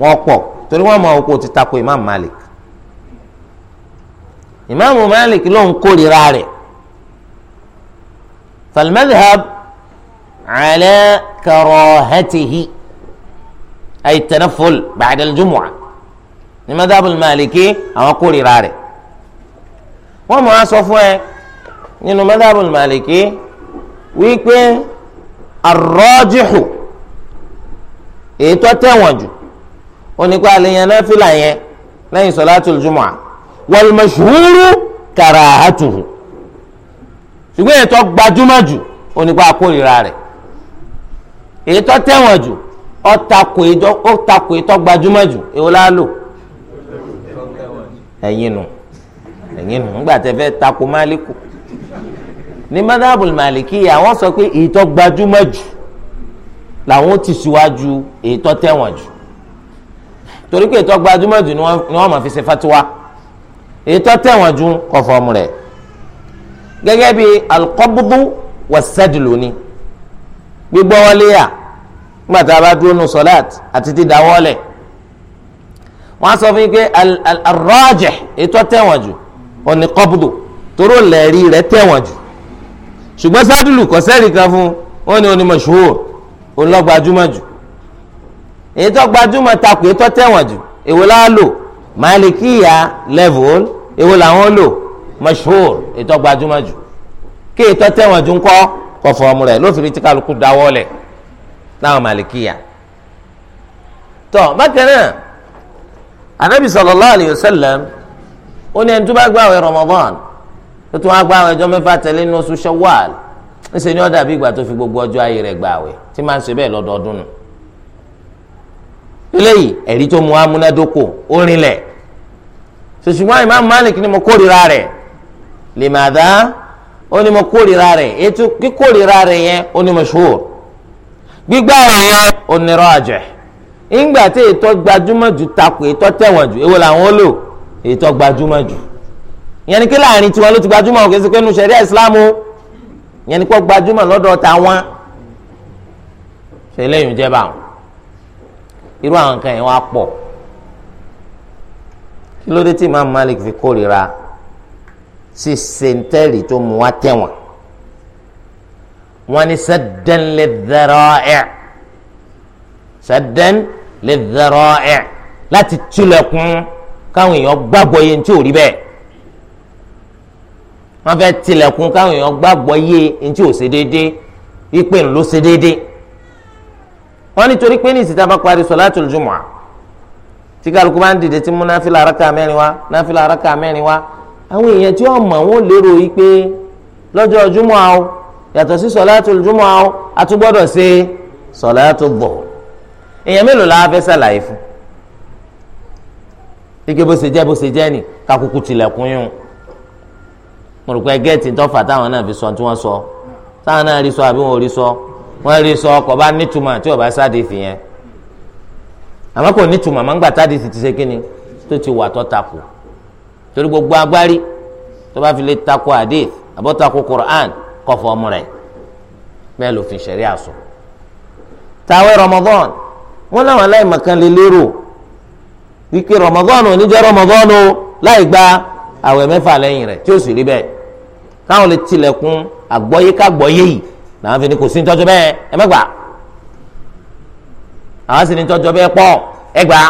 wọ́n pọ̀ torí wọ́n mọ oko ti tako imam malik imam malik ló ń kórìíra rẹ̀ فالمذهب على كراهته أي التنفل بعد الجمعة المذهب المالكي أو قولي راري وما صفوه nínú madhabu maliki wípé arọ́jìhù èyí tó tẹ̀wọ̀n jù ó ní kó àlèyàn náà fìlà yẹn lẹ́yìn sọ̀látùl jumu'ah wal mashhuru karahatuhu ṣùgbọ́n èyí tó gbajúmọ̀ jù onípa akórira rẹ̀ èyí tó tẹ̀wọ̀n jù ó takò èyí tó gbajúmọ̀ jù èwo la lò ẹ̀yin nù ẹ̀yin nù nígbà tẹ́ fẹ́ takò máàlíkù ní madhabul màlìkì àwọn sọ pé èyí tó gbajúmọ̀ jù làwọn ti síwájú èyí tó tẹ̀wọ̀n jù torí pé èyí tó gbajúmọ̀ jù ni wọ́n máa fi ṣe fatiwa èyí tó tẹ̀wọ̀n jù kọ̀ fọ́ọ̀mù rẹ̀ gẹ́gẹ́ bí alqabdu was-sadlu ni gbígbọ́ wọlé yà nígbà tá a bá dúró nu sọ́láàt àti ti dáwọ́lẹ̀ wọ́n á sọ fún yín pé al-rajih ètò tẹ̀wọ̀n jù òní qabdu toró lẹ́ẹ̀rí rẹ̀ tẹ̀wọ̀n jù kan fún wọn ni oní mashhur òun lọ́ takò èyí tó tẹ̀wọ̀n jù èwo láá lò màálìkíyà level èwo mashhur ètò gbajúmọ̀ jù kí ètò tẹ̀wọ̀n jù ń kọ́ kọ́ fọ́ọ̀mù rẹ̀ lófin tí kálukú dáwọ́ lẹ̀ láwọn màlìkíyà tọ́ bákan náà anabi sallallahu alayhi wa sallam ó ní ẹni tó bá gbààwẹ̀ Ramadan tó tún wá gbààwẹ̀ ọjọ́ mẹ́fà tẹ̀lé ní oṣù Shawwal ńṣe ni ó dàbí ìgbà tó fi gbogbo ọjọ́ ayé rẹ̀ gbààwẹ̀ tí máa ń ṣe bẹ́ẹ̀ lọ́dọọdún nù eléyìí ẹ̀rí tó mú amúnádókò ó rinlẹ̀ ṣùṣùgbọ́n Imam Malik ni mo kórìíra rẹ̀ limadha ó ní mo kórìíra rẹ̀ ètò kíkórìíra rẹ̀ yẹn ó ní mashhur gbígbà rẹ̀ yẹn ó ní rajih ìgbà tí ètò gbajúmọ̀ jù takò ètò tẹ̀wọ̀n jù èwo làwọn ó lò ètò gbajúmọ̀ jù yẹn ni kí láàrin tiwọn ló ti gbajúmọ̀ òkè sí pé nu sẹ̀ríà ìsìlámù yẹn ni kó gbajúmọ̀ lọ́dọ̀ tàwọn ṣe lẹ́yìn jẹ́ irú àwọn kan yẹn wá pọ̀ kí ló dé tí Imam Malik fi kórìíra ṣíṣe ń tẹ́rì tó mu wá tẹ̀wọ̀n wọn ni saddan lidhara'i saddan lidhara'i láti tilẹ̀kùn káwọn èèyàn gbàgbọ́ yẹn tí ò rí bẹ́ẹ̀ wọn fẹ́ tilẹ̀kùn káwọn èèyàn gbàgbọ́ yẹn tí ò ṣe déédéé ìpè ń ló ṣe déédéé wọn nítorí pé ní ìsìta bá parí solatul jumu'a tí kálukú bá ń dìde tí mú náfìlà araka mẹ́rin wá náfìlà araka mẹ́rin wá àwọn èèyàn tí wọ́n mọ̀ wọ́n lérò yìí pé lọ́jọ́ júmọ́ àwọn yàtọ̀ sí sọ̀láàtù júmọ́ àwọn àtúgbọ́dọ̀ ṣe sọ̀láàtù bọ̀ èèyàn mélòó la fẹ́ ṣàlàyé fún ike bó ṣe jẹ́ bó ṣe jẹ́ ni kakuku tilẹ̀kùn yún mo rò pé gẹ́ẹ̀tì tọ́fà táwọn náà fi sọ tí wọ́n sọ táwọn náà rí sọ àbí wọn ò rí sọ wọ́n rí sọ ọkọ̀ bá nítumọ̀ tí ọba sáde fi yẹn àmọ́ kò nítumọ̀ àmọ́ ń gbà táde ti ti ṣe kí ni tó ti wà tó takò torí gbogbo agbárí tó bá fi lè takò hadith àbọ̀takò Qur'an kọfọ ọmọ rẹ̀ bẹ́ẹ̀ lòfin ṣẹ̀rí àṣọ. tàwé Ramadan wọn làwọn aláìmọ̀kan lè lérò wípé Ramadan ò ní jẹ́ Ramadan o láì gba àwẹ̀ mẹ́fà lẹ́yìn rẹ̀ tí ó sì rí bẹ́ẹ̀ káwọn lè tilẹ̀kùn àgbọ́yé kágbọ́yé yìí làwọn fi ni kò sí ní bẹ́ẹ̀ ẹ mẹ́gbà àwọn sì ní tọ́jú bẹ́ẹ̀ pọ̀ ẹgbàá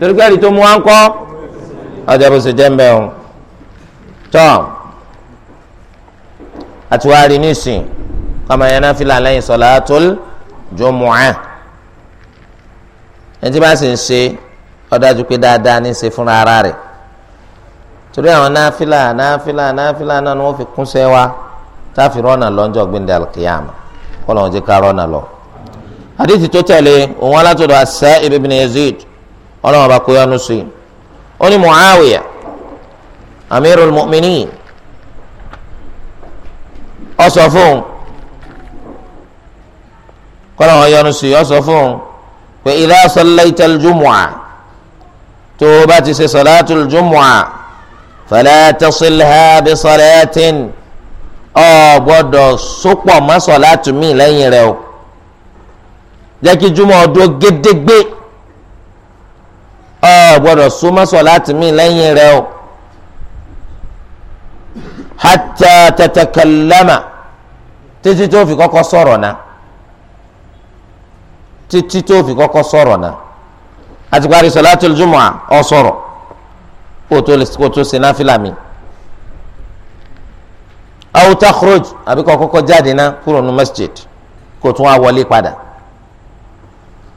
torí pé ẹ̀rí tó mú wa ń kọ́ ọjọ́ bó ṣe jẹ́ mbẹ́ o tọ́ àtiwárí nísìn kọ́mọ yẹn náà fìlà lẹ́yìn sọ̀látùl jumu'ah ẹni tí bá sì ń ṣe ọdájú pé dáadáa ní í ṣe fúnra ara rẹ̀ torí àwọn náfìlà náfìlà náfìlà náà ni wọ́n fi kúnṣẹ́ wa táfi rọ́nà lọ́njọ́ gbẹ̀ndẹ̀ alkiyama kọ́ làwọn jẹ́ ká rọ́nà lọ. àdìsí tó tẹ̀lé òun alátọ̀dọ̀ Sa'ib ibn Yazid ọlọ́wọ́n bá kó yọnu sí i ó ní Muawiya amirul mu'minin ó sọ fún kọ́nà wọn yọnu sí ó sọ fún pé idha sallayta al-jumu'a tó o bá ti ṣe salatul jumu'a fala tasilha bi salatin ọ gbọ́dọ̀ sopọ̀ mọ́ salatu mi lẹ́yìn rẹ̀ o jẹ́ kí jumu'a dúró gédégbé ọ gbọ́dọ̀ súnmọ́ sọláàtì mi lẹ́yìn rẹ̀ o hatta tatakallama títí tó fi kọ́kọ́ sọ̀rọ̀ náà títí tó fi kọ́kọ́ sọ̀rọ̀ náà àti parí sọláàtì jùmọ̀ ọ sọ̀rọ̀ kó tó ṣe náfìlà mi aw takhruj àbí kọ́ kọ́kọ́ jáde náà kúrò ní masjid kó tún wá wọlé padà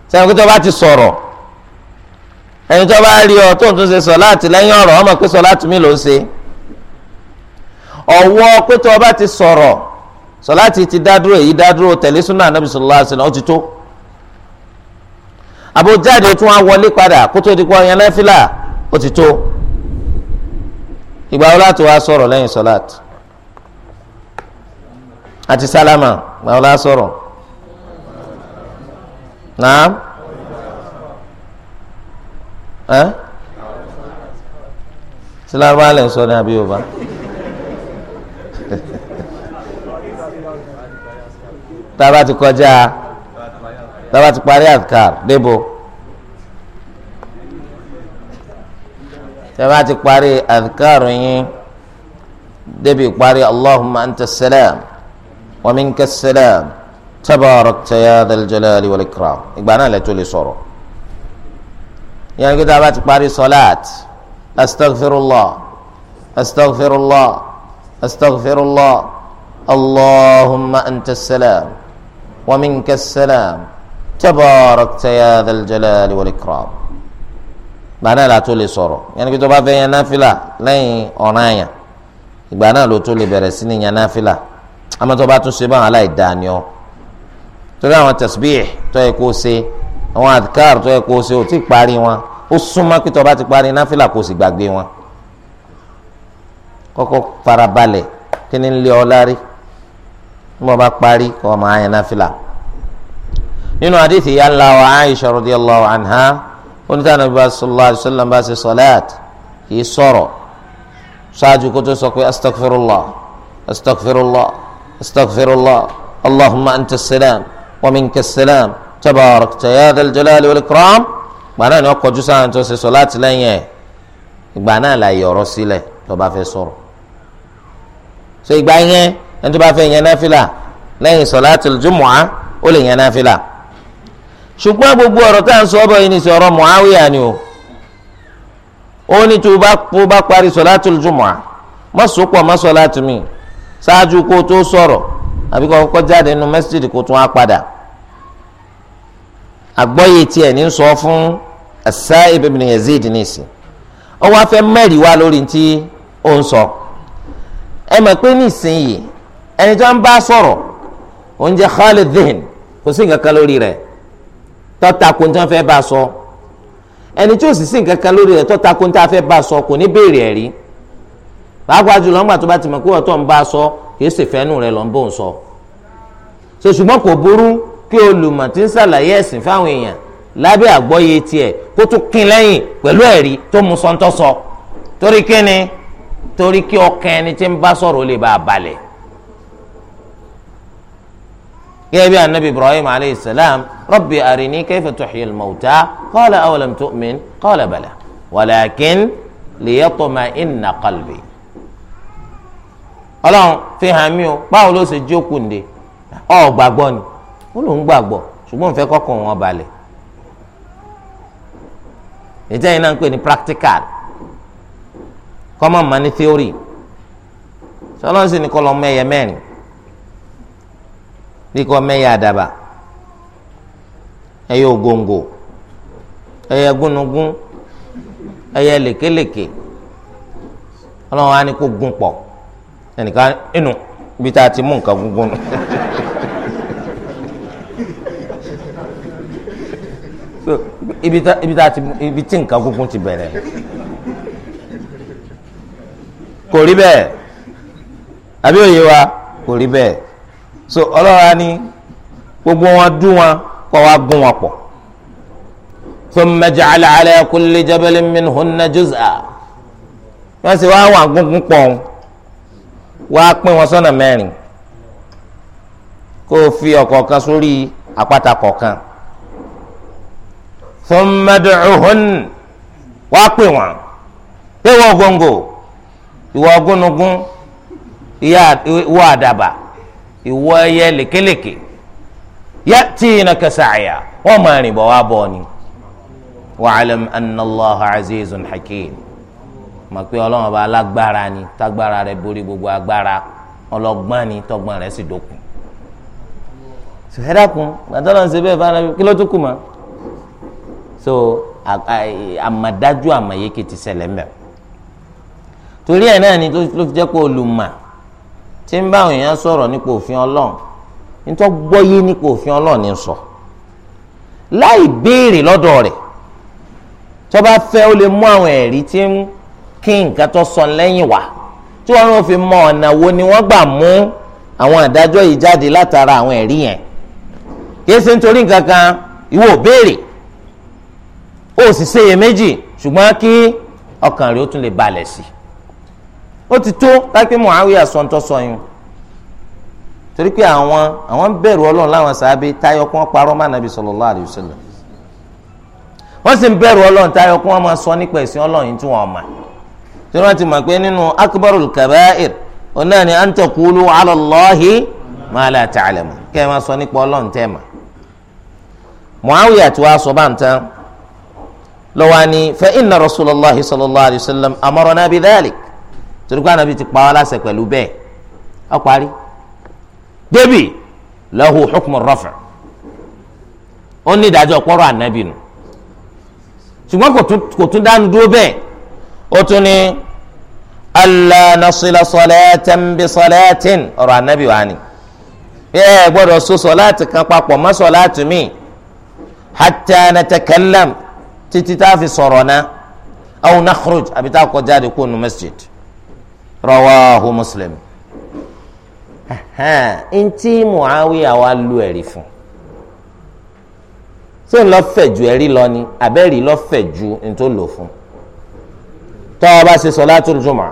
sẹ́yìn kí tó bá ti sọ̀rọ̀ ẹni tó bá rí ọ tó ń tún ṣe sọláàtì lẹ́yìn ọ̀rọ̀ ọmọ pé sọláàtì mi ló ń ṣe ọ̀wọ́ pé tó o bá ti sọ̀rọ̀ sọláàtì ti dádúró èyí dádúró tẹ̀lé súnà anábì sọlá àṣìlá ó ti tó àbójáde tún á wọlé padà kó tó di kó ọyàn lẹ́fìlà ó tó ìgbà wo láti wá sọ̀rọ̀ lẹ́yìn sọláàtì àti sálámà ìgbà wo láti sọ̀rọ̀ náà ẹ sílábà lẹ sọ ní àbí yorùbá tába ti kọjá tába ti parí àkàr débò tába ti parí àkàr yín débi parí allahumma anta salam wa minka salam tabarakta ya dhal jalali wal ìgbà náà lẹ lè sọ̀rọ̀ yẹn kí tá a bá ti parí sọláàt astaghfirullah astaghfirullah astaghfirullah allahumma anta salam wa minka salam tabarakta ya dhal jalali wal ikram ìgbà náà la tó lè sọ̀rọ̀ yẹn kí tó bá fẹ́ yan náfìlà lẹ́yìn ọ̀ràn yẹn ìgbà náà ló tó lè bẹ̀rẹ̀ sí ní yan náfìlà àmọ́ tó bá tún ṣe báwọn aláìdáni ọ́ torí àwọn tasbih tó yẹ kó ṣe àwọn adkar tó yẹ kó ṣe ò tí ì wọn ó súnmọ́ pé tó bá ti parí náfìlà kò sì gbàgbé wọn kọ́kọ́ farabalẹ̀ kí ni ń lé ọ lárí bí wọ́n bá parí kọ́ ọ máa yẹn náfìlà nínú àdìsí yà ń la wa Aisha radiyallahu anha onítànà bí sallallahu alaihi wasallam bá ṣe sọláàt kì í sọ̀rọ̀ ṣáájú kó tó sọ pé astaghfirullah astaghfirullah astaghfirullah allahumma anta salam wa minka salam tabarakta ya dhal jalali wal ikram ìgbà náà ni wọ́n kọjú sáà tó ṣe sọ láti lẹ́yìn ẹ̀ ìgbà náà là yẹ ọ̀rọ̀ sílẹ̀ tó bá fẹ́ sọ̀rọ̀ so ìgbà yẹn ẹni tó bá fẹ́ yẹn náfìlà lẹ́yìn sọ̀látul jumu'a ó lè yẹn náfìlà ṣùgbọ́n gbogbo ọ̀rọ̀ tá à ń sọ ọ́bọ̀ yìí ni sọ̀rọ̀ Muawiya ni o ó ní tó bá parí sọ̀látul jumu'a má sopọ̀ má sọ̀látù mi ṣáájú kó tó sọ̀rọ̀ àbí kó kọ́kọ́ jáde kó tún á padà àgbọ́yé tiẹ̀ ní sọ fún As-Sa'ib ibn Yazid nìsín ó wá fẹ́ mẹ́rin wá lórí tí ó ń sọ ẹ mọ̀ pé nísìnyìí ẹni tó ń bá sọ̀rọ̀ ó ń jẹ́ Khalid Dhihn kò sí nǹkan kan lórí rẹ̀ tọ́ta kó ń tán fẹ́ bá sọ ẹni tí ó sì sí nǹkan kan lórí rẹ̀ tọ́ta kó ń fẹ́ bá sọ kò ní béèrè ẹ̀rí pàápàá jùlọ ńgbà tó bá ti mọ̀ pé ọ̀tọ̀ ń bá sọ kì í sì fẹ́nu rẹ̀ lọ́ ń bò ń sọ so ṣùgbọ́n kò burú kí olùmọ̀ tí ń ṣàlàyé ẹ̀sìn fáwọn èèyàn lábẹ́ àgbọ́yé tiẹ̀ kó tún kín lẹ́yìn pẹ̀lú ẹ̀rí tó mú sọ́ńtọ́sọ torí kí ni torí kí ọkàn ẹni tí ń bá sọ̀rọ̀ lè bá a balẹ̀ gẹ́gẹ́ bí anabi ibrahim aleyhi salam rabbi arini kayfa tuhyi al-mawta qala awalam tu'min qala bala walakin liyatma'inna qalbi ọlọ́run fi hàn mí o báwo ló ṣe jókòó ǹde ọ̀ gbàgbọ́ ni ó lòún gbàgbọ́ ṣùgbọ́n òun fẹ́ kọ́kàn wọn balẹ̀ ìjẹ́yìn náà ń pè ní practical common man ní theory sọlọ́nsì ni kọ́ lọ mẹ́yẹ mẹ́rin bí kọ́ mẹ́yẹ àdàbà ẹyẹ ògòǹgò ẹyẹ gúnugún ẹyẹ lèkèlèkè ọlọ́run á ní kó gún pọ̀ ẹnìkan inú ibi tá a ti mú nǹkan gúngún nù <laughs> ibi tí nǹkan kúkú ti bẹ̀rẹ̀ kò rí bẹ́ẹ̀ àbí òye wa kò rí bẹ́ẹ̀ so ọlọ́ra ni gbogbo wọn dún wọn kọ́ wa gún wọn pọ̀ thumma ja'ala ala kulli jabalin minhunna juz'a wọ́n sì wá wọn gúngún pọ̀ wọ́n á pín wọn sọ́nà mẹ́rin kó o fi ọ̀kọ̀ọ̀kan sórí àpáta kọ̀ọ̀kan thumma du'uhun wàá pè wọ́n pé wọ́n gbòǹgò ìwọ ọgúnnugún ìwọ àdàbà ìwọ ẹyẹ lèkèlèkè ya'tinaka sa'ya wọ́n máa rìn bọ̀ wá bọ̀ ni wa'lam anna Allaha azizun hakim mọ̀ pé ọlọ́run ọba alágbára ni tágbára rẹ̀ borí gbogbo agbára ọlọ́gbọ́n ni tọ́gbọ́n rẹ̀ sì dókun. sọ̀rọ̀ ẹ̀dá kun gbàtọ́ lọ́n ṣe bẹ́ẹ̀ fara kí ló tún kù mọ́ so amadaju àmàyékè ti ṣẹlẹ̀ mbẹ̀ torí ẹ̀ náà ni ló fi jẹ́ pé olùmọ̀ tí ń bá àwọn èèyàn sọ̀rọ̀ nípa òfin ọlọ́run nítorí gbọ́yé nípa òfin ọlọ́run ní sọ láì béèrè lọ́dọ̀ rẹ̀ tó bá fẹ́ ó lè mú àwọn ẹ̀rí tí ń kí nǹkan tó sọ lẹ́yìn wá tí wọ́n fi mọ ọ̀nà wo ni wọ́n gbà mú àwọn àdájọ́ yìí jáde látara àwọn ẹ̀rí yẹn kì í ṣe nítorí nǹkan kan ìwọ béèrè o sì seye méjì ṣùgbọ́n kí ọkàn rẹ̀ ó tún lè balẹ̀ sí ó ti tó lápẹ́ Muawiya sọ̀ǹtọ̀sọ̀yún torí pé àwọn àwọn ń bẹ̀rù ọlọ́run láwọn sàábé táyọ̀ kí parọ́ mọ́ ànábì sallallahu alaihi wọ́n sì ń bẹ̀rù ọlọ́run táyọ̀ kí wọ́n sọ nípa ẹ̀sìn ọlọ́run tí wọ́n mọ̀ tí wọ́n ti mọ̀ pé nínú ma kẹ́ máa sọ nípa ọlọ́run lọ́wọ́ ni fa inna rasulallah sallallahu alayhi wa sallam amarana bi dhalik torí kwana bi ti pa wá láṣẹ pẹ̀lú bẹ́ẹ̀ ọ parí débi lahu hukmu rafa ó ní ìdájọ́ kọ́rọ̀ ànábì nù ṣùgbọ́n kò tún dánu dúró bẹ́ẹ̀ ó tún ní alla nasila salatan bi salatin ọ̀rọ̀ ànábì wa ni bẹ́ẹ̀ so sọláàtì kan papọ̀ mọ́ sọláàtì mi hatta natakallam títí tá a fi sọ̀rọ̀ náà aw nakhruj àbí tá a kọ jáde kó nu masjid rawahu muslim ntí muawiya wa lu ẹ̀rí fún ṣé ń lọ fẹ̀ ju ẹ̀rí lọ ni àbẹ́rì lọ fẹ̀ ju ntó lò fún tọ́ ọ bá ṣe sọláàtú jùmọ̀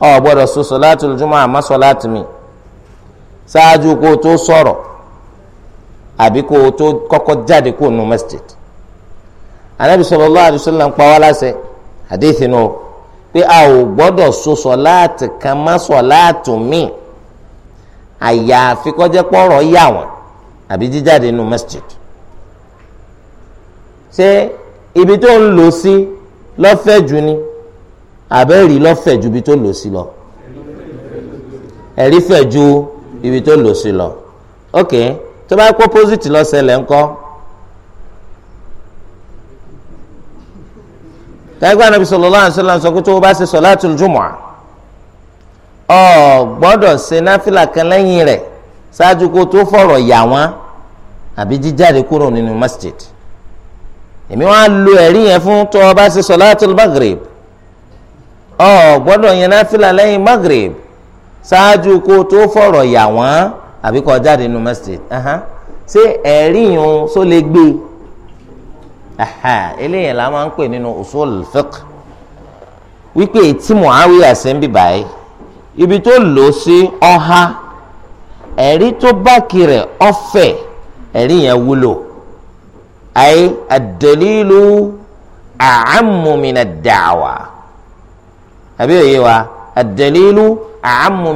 ọ gbọ́dọ̀ ṣe sọláàtú jùmọ̀ àmọ́ sọláàtú mi ṣáájú kó o tó sọ̀rọ̀ àbí kó o jáde kó nu masjid anabi sallallahu alaihi wasallam ń pa wá láṣẹ hadith nù pé a ò gbọ́dọ̀ so sọláàtì kan má sọláàtì míì àyàfi kó jẹ́ pọ̀rọ̀ yà wọ́n àbí jíjáde nù masjid ṣé ibi tó ń lò sí lọ́fẹ̀ẹ́ jù ni àbẹ́rì lọ́fẹ̀ẹ́ ju ibi tó lò sí lọ ẹ̀rí fẹ̀ ibi tó lò sí lọ ok tó bá kó pósìtì lọ ṣẹlẹ̀ ńkọ́. tàyẹ̀gbọ́n anabi sallallahu alaihi wasallam sọ pé tó o bá ṣe solatul jumu'ah ọ gbọ́dọ̀ ṣe náfìlà kan lẹ́yìn rẹ̀ ṣáájú kó tó fọ̀rọ̀ yà wọ́n àbí jíjáde kúrò nínú masjid èmi wọn á lo ẹ̀rí yẹn fún tó o bá ṣe solatul maghrib ọ gbọ́dọ̀ yẹn náfìlà lẹ́yìn maghrib ṣáájú kó tó fọ̀rọ̀ yà wọ́n àbí kó nínú masjid ṣé ẹ̀rí yẹn só lè gbé e eléyìí la máa ń pè nínú usul fiqh wípé tí Muawiya ṣe ń bì báyìí ibi tó lò ó sí ọha ẹ̀rí tó bá kiri ọ̀fẹ́ ẹ̀rí yẹn wúlò ayé ad-dalilu a'ammu min ad-da'wa àbí òye wa ad-dalilu a'ammu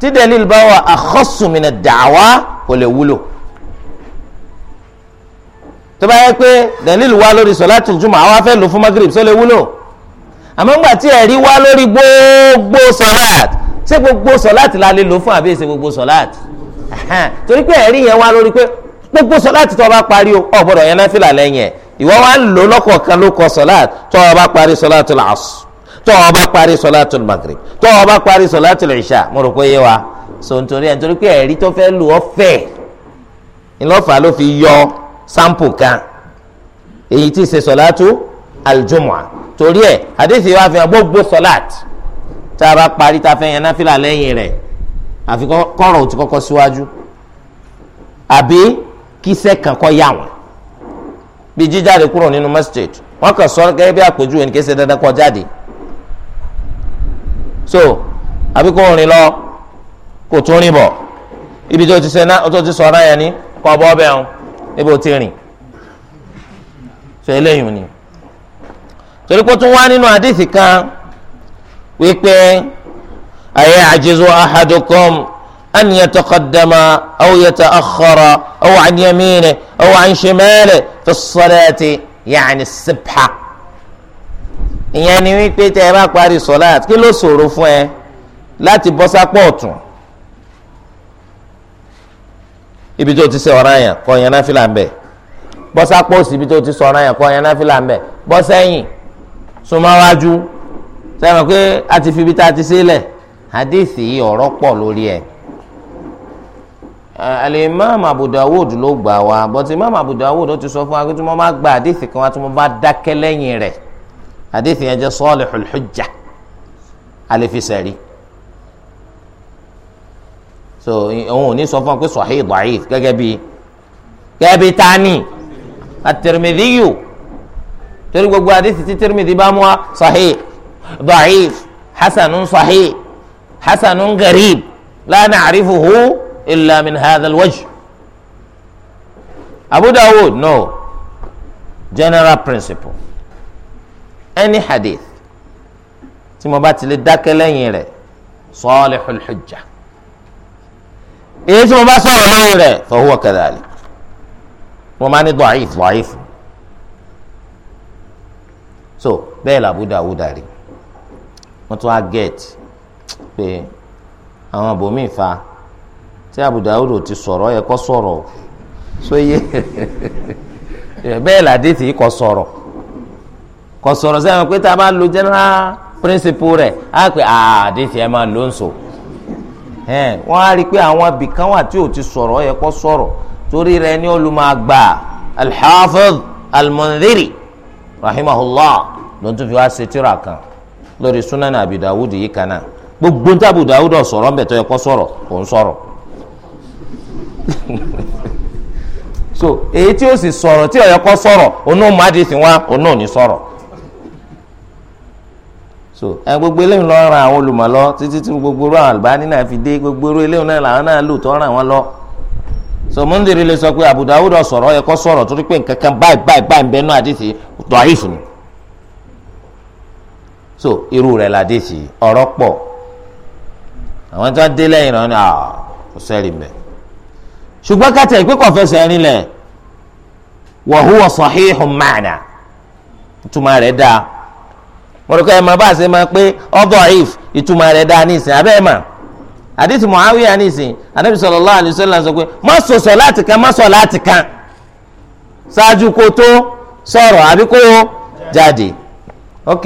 tí dalilu bá wà akhassu min kò lè wúlò tó bá yẹ pé dalil wá lórí sọláàtì jùmọ̀ àwa fẹ́ lò fún magrib só lè wúlò àmọ́ ńgbà tí ẹ̀rí wá lórí gbogbo sọláàt ṣé gbogbo sọláàt la lè lò fún àbí ṣe gbogbo sọláàt torí pé ẹ̀rí yẹn wá lórí pé gbogbo sọláàt tó bá parí o ò gbọ́dọ̀ yẹn náfìlà lẹ́yìn ẹ̀ ìwọ wá ń lò lọ́kọ̀ọ̀kan ló kọ sọláàt tó bá parí sọláàt làásù sampo kan èyí tí ṣe sọ̀látú aljumua torí ẹ̀ àdéhìí wa fi hàn gbogbo sọ̀lát tá a bá parí tá a fẹ́ yan náfìlà lẹ́yìn rẹ̀ àfi kọ́rọ̀ ò ti kọ́kọ́ síwájú àbí kíṣẹ́ kan kọ́ yà wọ́n bí jíjáde kúrò nínú masjid wọ́n kàn sọ gẹ́gẹ́ bí àpèjúwe ní kí dandan kó jáde so àbí kò rìn lọ kò tún rìn bọ̀ ibi tó ti sọ náà yẹn ni kọ́ bọ́ bẹ́ẹ̀ o níbo ti rìn sọ eléyìí ni torí pé tún wá nínú àdìsí kan wípé ayé àjẹsọ ahadukum an yataqaddama aw yata'akhkhara aw an yaminihi aw an shimalihi fi salati yaani sibha ìyẹn ni wípé tẹ ẹ bá parí sọlá kí ló ṣòro fún ẹ láti bọ́ sápọ̀ ọ̀tún ibi tó ti ṣe ọ̀ràn yẹn kọ́ yẹn náfìlà ń bẹ̀ bọ́sá pọ́ọ̀sì ibi tó ti ṣe ọ̀ràn yẹn kọ́ yẹn náfìlà ń bẹ̀ bọ́sẹ́yìn súnmọ́wájú sẹ́wọ̀n pé a ti fi ibi tá a ti ṣe lẹ̀ hadith yìí ọ̀rọ̀ pọ̀ lórí ẹ̀ al-imam Abu Dawud ló gbà wá but imam Abu Dawud ó ti sọ fún wa pé tí wọ́n bá gba hadith kan wá tí wọ́n bá dákẹ́ lẹ́yìn rẹ̀ hadith yẹn jẹ́ salihul hujja alẹ́ fi sẹ́rí so òun ò ní sọ fún ọ pé sahih da'if gẹ́gẹ́ bíi gẹ́gẹ́ bíi tani at-Tirmidhi yìí torí gbogbo àdìsí tí Tirmidhi bá mú wa sahih da'if hasanun sahih hasanun gharib la na'rifuhu illa min hadha al no general principle any hadith tí mo bá ti lè dákẹ́ lẹ́yìn rẹ̀ salihul hujjah èyí tí mo bá sọ̀rọ̀ lórí rẹ̀ fa huwa kadhalik mo máa ní da'if da'if so bẹ́ẹ̀ làbú dàwúdà rí wọ́n tún á get pé àwọn bòmíì fa tí Abu Dawud ti sọ̀rọ̀ yẹ kó sọ̀rọ̀ sóye <laughs> bẹ́ẹ̀ làdí tì í sọ̀rọ̀ kó sọ̀rọ̀ sẹ́wọ̀n pé tá a bá lo general principle rẹ̀ á pè àdìsí ah, ẹ̀ máa ló ẹn wọn á rí i pé àwọn abìkan wà tí o ti sọ̀rọ̀ yẹ kó sọ̀rọ̀ torí rẹ̀ ní olùmọ̀gbà alḥafiz almundhiri rahimahullah ló ń tún fi wá ṣe kan lórí sunan abi dawud yìí kan náà gbogbo ń tábù dawud ọ̀sọ̀rọ̀ ńbẹ̀ tó yẹ kó sọ̀rọ̀ kò ń sọ̀rọ̀ <laughs> so èyí tí o sì sọ̀rọ̀ tí o yẹ kó sọ̀rọ̀ onú màdìsí wọn onú ò ní sọ̀rọ̀. so ẹ gbogbo eléyìí lọ ran àwọn olùmọ̀ lọ títí tí gbogbo ru Albani náà fi dé gbogbo ru eléyìí náà làwọn náà lò tó ràn wọn lọ so Mundhiri lè sọ pé Abu Dawud sọ̀rọ̀ ẹ̀kọ́ sọ̀rọ̀ torí pé nǹkan kan báyìí báyìí báyìí ń bẹ nínú àdìsí da'if ni so irú rẹ̀ làdìsí ọ̀rọ̀ pọ̀ àwọn tó dé lẹ́yìn náà ni ah, kò sẹ́rì mbẹ́ ṣùgbọ́n kàtà ìpínkọ̀ fẹsẹ̀ rinlẹ̀ wa huwa sahihun ma'na ìtumọ̀ rẹ̀ dáa mọ̀rọ̀kọ́ ẹ̀ máa bá àṣẹ máa pé if ìtumọ̀ rẹ̀ dáa nísìn abẹ́ ẹ̀ mà àdìsí muawiya nísìn anabi sallallahu alaihi sọ pé má láti kan má sọ láti kan ṣáájú kó tó sọ̀rọ̀ àbí kó jáde ok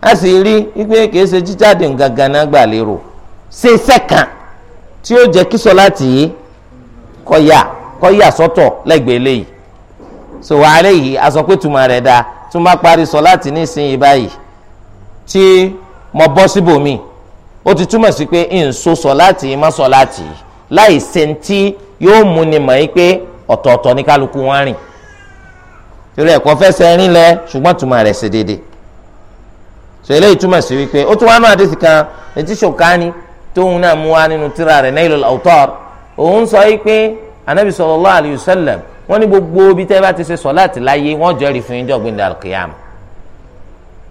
a sì rí wípé kìí ṣe jíjáde gangan náà gbà lérò ṣe sẹ́kàn tí ó jẹ́ kí sọ láti yìí kọ́ yà kọ́ yà sọ́tọ̀ lẹ́gbẹ̀ẹ́ wàhálẹ́ yìí sọ pé rẹ̀ dáa tún tí mo bọ́ síbòmí ó ti túmọ̀ sí pé ìǹso sọ̀láàtì má sọ̀láàtì láì sentí yóò mú ni mọ̀ yín pé ọ̀tọ̀ọ̀tọ̀ ní kálukú wọn rìn torí ẹ̀kọ́ fẹsẹ̀ rìn lẹ ṣùgbọ́n túmọ̀ rẹ̀ ṣe déédéé so eléyìí túmọ̀ sí wípé ó tún wá náà àdéhùn kan etí ṣòkání tóun náà mú wá nínú tírà rẹ̀ Nailul Awtar òun sọ wípé anabi sallallahu alayhi wa sallam wọ́n ní gbogbo ibi tẹ́ bá ti ṣe sọ̀láàtì láyé wọ́n jẹ́rìí fún yín jọ́gbìn dàlùkìyàmù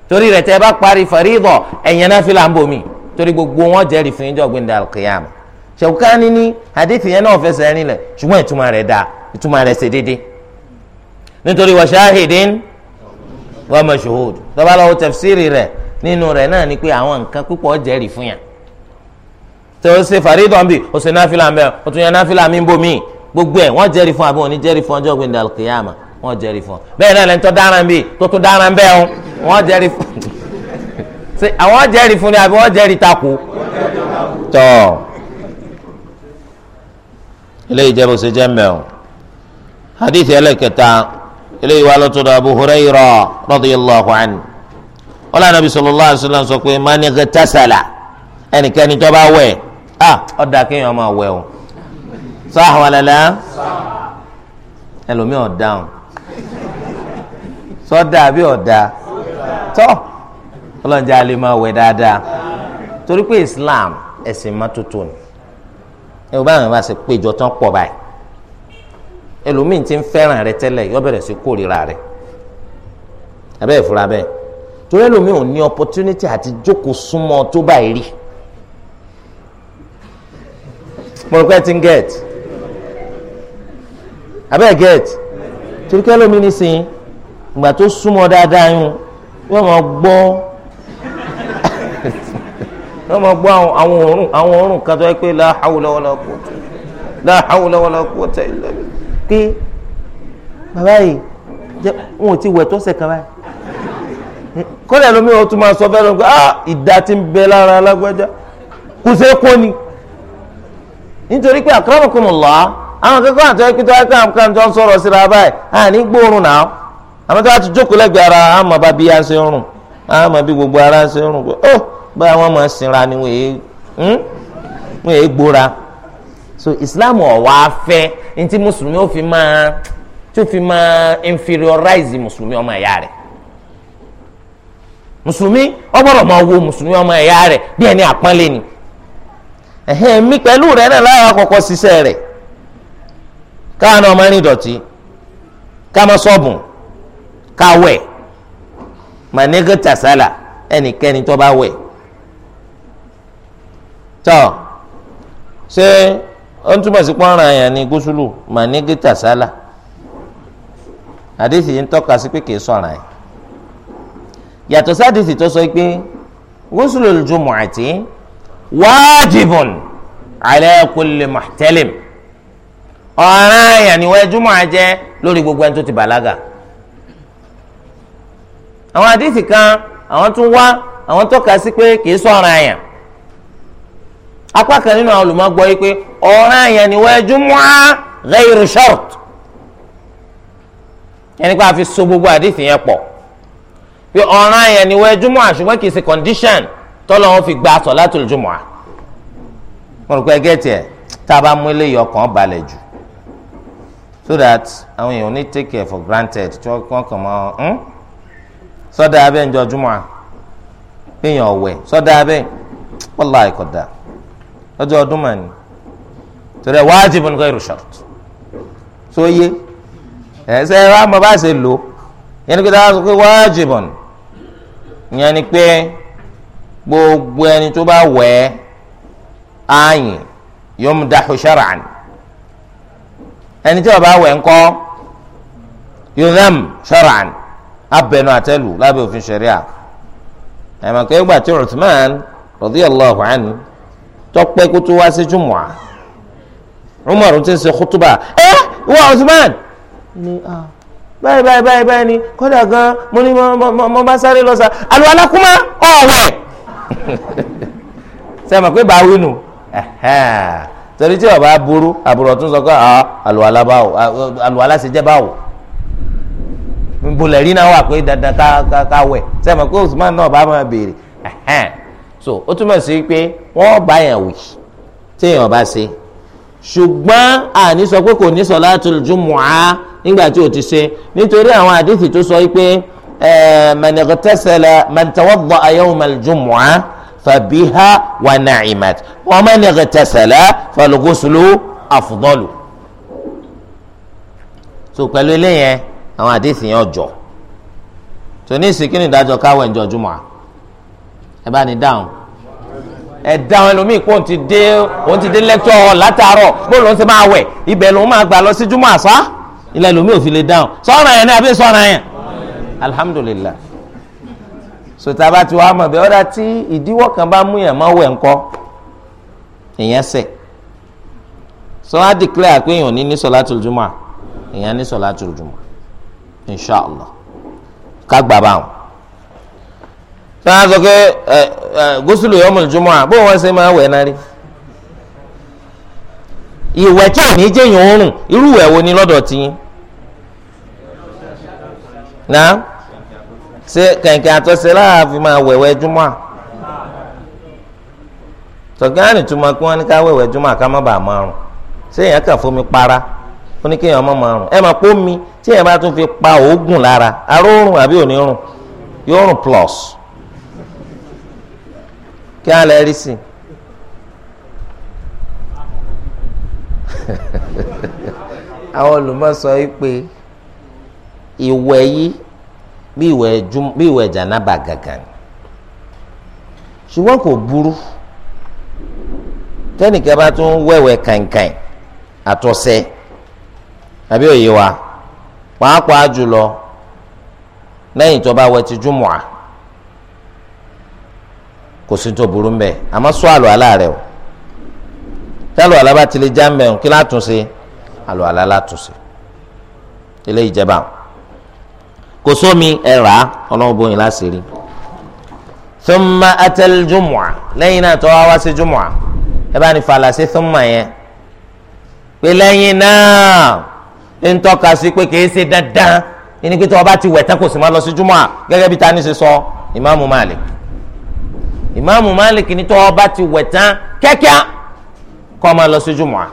torí rẹ̀ tẹ́ ẹ bá parí faridọ̀ ẹ̀yẹn náà fi là ń bomi torí gbogbo wọn jẹ́rìí fún yíjọ́ gbẹ̀ndẹ̀ alqiyam Shawkani ní hadithi yẹn náà fẹsẹ̀ rìn lẹ̀ ṣùgbọ́n ìtumọ̀ rẹ̀ dáa ìtumọ̀ rẹ̀ ṣe déédéé nítorí wa shahidin wa mashhud tó bá lọ́wọ́ tafsiri rẹ̀ nínú rẹ̀ náà ni pé àwọn nǹkan púpọ̀ jẹ́rìí fún yàn tó o ṣe faridọ̀ nbí o ṣe náfìlà mbẹ o tún yàn náfìlà mi bomi gbogbo ẹ̀ wọ́n jẹ́rìí fún àbí wọn ní jẹ́rìí fún ọjọ́ gbẹ̀ndẹ̀ alqiyam wọ́n jẹ́rìí fún bẹ́ẹ̀ náà lẹ́ńtọ́ wọ́n jẹ́rìí fún ṣe àwọn jẹ́rìí fún ni àbí wọ́n jẹ́rìí takò tọ́ eléyìí jẹ́ bó ṣe jẹ́ mbẹ́ hadith ẹlẹ́kẹta eléyìí wà lọ́tọ̀dọ̀ Abu Hurayra radiyallahu anhu wọ́n lànà bí sallallahu alaihi wasallam sọ pé mánìkẹ́ tásàlà ẹnikẹ́ni tó bá wẹ̀ ah ọ̀dà kéèyàn máa wẹ̀ o sáà wàlálà ẹlòmíọ̀ dáhùn sọ́dà àbí ọ̀dà. So, tọ́ ọlọ́njẹ́ a máa wẹ̀ dáadáa torí pé Islam ẹ̀sìn mọ́tótó ni ẹ bá àwọn péjọ tán pọ̀ báyìí ẹlòmíín ti ń fẹ́ràn rẹ tẹ́lẹ̀ yọ bẹ̀rẹ̀ sí kórìíra rẹ abẹ́ ìfura bẹ́ẹ̀ torí ẹlòmíín ò ní opportunity àti jókòó súnmọ́ tó báyìí rí ti ń get abẹ́ get torí wọ́n máa gbọ́ wọ́n máa gbọ́ àwọn òórùn àwọn la hawla la hawla wala quwwata illa pé bàbá yìí wọn ò ti wẹ̀ tó kan báyìí kọ́lẹ̀ lómi tún máa sọ ah ìdá ti ń bẹ lára alágbájá kò ṣeé kó ni nítorí pé akramakumullah àwọn akẹ́kọ̀ọ́ àti àmọ́ tí wọ́n ti jókòó lẹ́gbẹ̀ẹ́ ara àmọ́ bá bí yá ṣe ń rùn àmọ́ bí gbogbo ara ṣe rùn pé ó oh, báyà wọ́n máa sinra ni hmm? wọ́n èé gbóra so Islam ọ̀wá fẹ́ ní tí mùsùlùmí ó fi máa tó fi máa inferiorize mùsùlùmí ọmọ ẹ̀yà rẹ̀ mùsùlùmí ọgbọ́dọ̀ máa wo mùsùlùmí ọmọ ẹ̀yà rẹ̀ bí ẹni àpọ́nlé ni ẹ̀hẹ́n mi pẹ̀lú rẹ̀ náà lára kọ̀kọ́ ṣiṣẹ́ rẹ̀ káwọn ọmọ ẹni dọ̀tí ká sọ́ọ̀bùn káwẹ̀ mọ̀nẹ́gẹ́ tàṣálà ẹnikẹ́ni tó bá wẹ̀ tọ́ ṣé ó ń túbọ̀ sí pọ́nrán àyàn ní gúúsùlù mọ̀nẹ́gẹ́ tàṣálà àdìsí yìí ń tọ́ka sí pé kìí sọ̀ràn ẹ̀ yàtọ̀ sádìsí tó sọ pé gúúsùlù jumu'ati wájibun ala kulli muhtalim ọ̀ràn àyàn ni wọ́n jùmọ̀ àjẹ́ lórí gbogbo ẹni tó ti bàlágà àwọn àdìsí kan àwọn tún wá àwọn tọ́ka sí pé kì í sọ̀ràn àyàn apá kan nínú àwọn olùmọ̀gbọ́ yìí pé ọ̀ràn àyàn ni wọ́n jumu'a ghayru shart ẹni pé a fi so gbogbo àdìsí yẹn pọ̀ pé ọ̀ràn àyàn ni wọ́n jumu'a ṣùgbọ́n kì í ṣe condition tọ́lọ́ wọn fi gba salatul jumu'a mo rò pé gẹ́tì ẹ̀ tá a bá mú eléyìí ọkàn balẹ̀ jù so that àwọn èèyàn ò ní take care for granted tí wọ́n kàn máa ń. Hmm? sọ́dà abẹ́ ń jọ júmọ́ à péyàn ọ̀wẹ̀ sọ́dà abẹ́ wallahi kódà lọ́jọ́ ọdún mà ní torí ẹ̀ wajibun ghayru shart tó yé ẹ̀ ṣe ẹ̀ wá mọ̀ bá ṣe lò yẹn ni pé dáhà sọ pé wajibun yẹn ni pé gbogbo ẹni tó bá wẹ̀ ẹ́ ààyè yumdahu shar'an ẹni tí ó bá wẹ̀ ńkọ́ yudham shar'an abẹnu àtẹlù lábẹ́ òfin ṣẹ̀ríà ẹ̀mọ̀kẹ́ ìgbà tí Uthman radiyallahu anhu tọ́pẹ́ kó tó wá sí jùmọ̀à Umar ti ń ṣe kútúbà ẹ wá Uthman ni báyìí báyìí báyìí báyìí ni kódà gan mo ní mo bá sáré lọ sa àlọ́ alákùnmá ọ̀wẹ̀ sẹ́mi <laughs> pé bá wínú torí ọba burú àbúrò tún sọ pé àlọ́ alábáwò àlọ́ bọ̀lẹ̀ rí náà wà pé dandan ká ká wẹ̀ sẹ́mi pé Usman náà bá máa béèrè so ó túmọ̀ sí pé wọ́n bá yàn wì téèyàn bá ṣe ṣùgbọ́n àní sọ pé kò ní solatul jumu'a nígbà tí o ti ṣe nítorí àwọn àdìsí tó sọ pé man ightasala man tawadda'a yawmal jumu'a fabiha wa na'imat wa man ightasala so pẹ̀lú eléyẹn àwọn àdìsí yẹn ọjọ́ tó ní ìsìnkí ni ìdájọ́ káwé ǹjọ́ jùmọ̀ ẹ bá ní dáhùn ẹ dáhùn ẹlòmíì pé òun ti dé òun ti dé lẹ́kítọ̀ látàárọ̀ bó lóun ti máa wẹ̀ ibẹ̀ lòun máa gbà lọ sí jùmọ̀ àṣá ilẹ̀ ẹlòmíì ò fi lè dáhùn sọ̀rọ̀ yẹn ni àbí sọ̀rọ̀ yẹn alhamdulillah sotaba ti wàá mọ̀ bẹ́ẹ̀ ọ̀dà tí ìdíwọ́ kan bá mú yàn máa wẹ̀ ńkọ́ èèyàn sẹ̀ sọ wá declare pé èèyàn ní ní sọ̀látùl jùmọ̀ èèyàn ní sọ̀látùl jùmọ̀ inshàlá kagbà báwọn tí wọn sọ pé ẹ ẹ gúúsùlù yọmọlù jùmọ à bó wọn ṣe máa wẹ̀ náà rí ìwẹ̀ tí ò ní jẹ́yìn oorun irú ìwẹ̀ wo ni lọ́dọ̀ tiyín náà ṣe kẹ̀kẹ́ àtọ́sẹ̀ láàfin máa wẹ̀wẹ̀ jùmọ̀ à tọ̀gá nìtúmọ̀ kí wọ́n ní ká wẹ̀wẹ̀ jùmọ̀ à má bàa márùn ṣé èèyàn kàn fún mi para ó ní kéèyàn má máa rùn ẹ máa pọ́ mi tí ẹ bá tún fi pa òógùn lára aró rùn àbí òní rùn yóò rùn plus kí á lè rí sí i. <laughs> àwọn olùmọ̀sọ yìí pé ìwẹ̀ yìí bí ìwẹ̀ jùm bí ìwẹ̀ jànábà gàgàn ṣùgbọ́n kò burú tẹ́nìkan bá tún wẹ̀wẹ̀ kàìnkàìn àtọ̀sẹ̀ àbí òye wa pàápàá jùlọ lẹ́yìn tó bá wẹ ti júmọ̀à kò sí tó burú mbẹ àmọ́ sọ àlọ́ àlá rẹ o tálù àlá bá tilẹ̀ já mbẹ kí látúnṣe àlọ́ àlá látúnṣe ilé ìjẹba kò sómi ẹ̀rà ọlọ́run bóyin láṣìírí thumma atal jumu'a lẹ́yìn náà tó wá wá sí jumu'a ẹ bá ní falasí thumma yẹn pé lẹ́yìn náà ń tọ́ka sí pé kìí ṣe dandan ẹni pé tí wọ́n bá ti wẹ̀ tán kò sì máa lọ sí júmọ́ à gẹ́gẹ́ bí tani ṣe sọ ìmáàmù Malik ìmáàmù Malik ní tí wọ́n bá ti wẹ̀ tán kẹ́kẹ́ kọ́ máa lọ sí júmọ́ à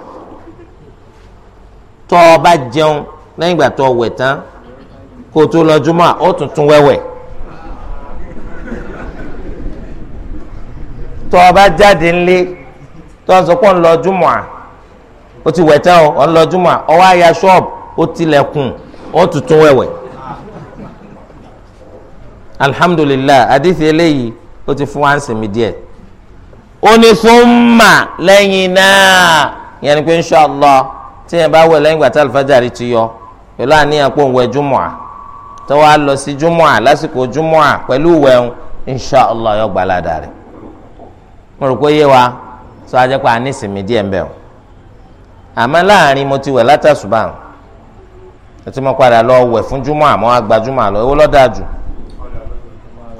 tọ́ ọ bá jẹun lẹ́yìn ìgbà tọ́ wẹ̀ tán kó tó lọ júmọ́ à ó tún wẹ́wẹ́ tọ́ ọ bá jáde ńlé tọ́ ọ sọ pé ń lọ júmọ́ à ó ti wẹ̀ tán o ọ̀n lọ júmọ̀ ọwọ́ àyà ṣọ́ọ̀bù ó tilẹ̀kùn ó tuntun wẹ̀wẹ̀ alhamdulilayi àdìsí eléyìí ó ti fún wa ń sinmi díẹ̀ ó ní fúnmà lẹ́yìn náà yẹn ni pé inṣàlá tí yẹn bá wẹ̀ lẹ́yìn gbàtà alifájàrí ti yọ pẹ̀lú àníyàn pé òun wẹ̀ júmọ̀ à tó wàá lọ sí júmọ̀ à lásìkò júmọ̀ à pẹ̀lú wẹ̀hún inṣàlá yọ gbàládà rẹ̀ mo rò pé yé wa sọ ajẹ́ pé a ní sinmi díẹ̀ ń bẹ̀ àmọ́ láàrin mo ti wẹ̀ látàṣùbà tí mo padà lọ wẹ̀ fún júmọ́ àmọ́ agbájúmọ́ àlọ́ èwo ló dáa jù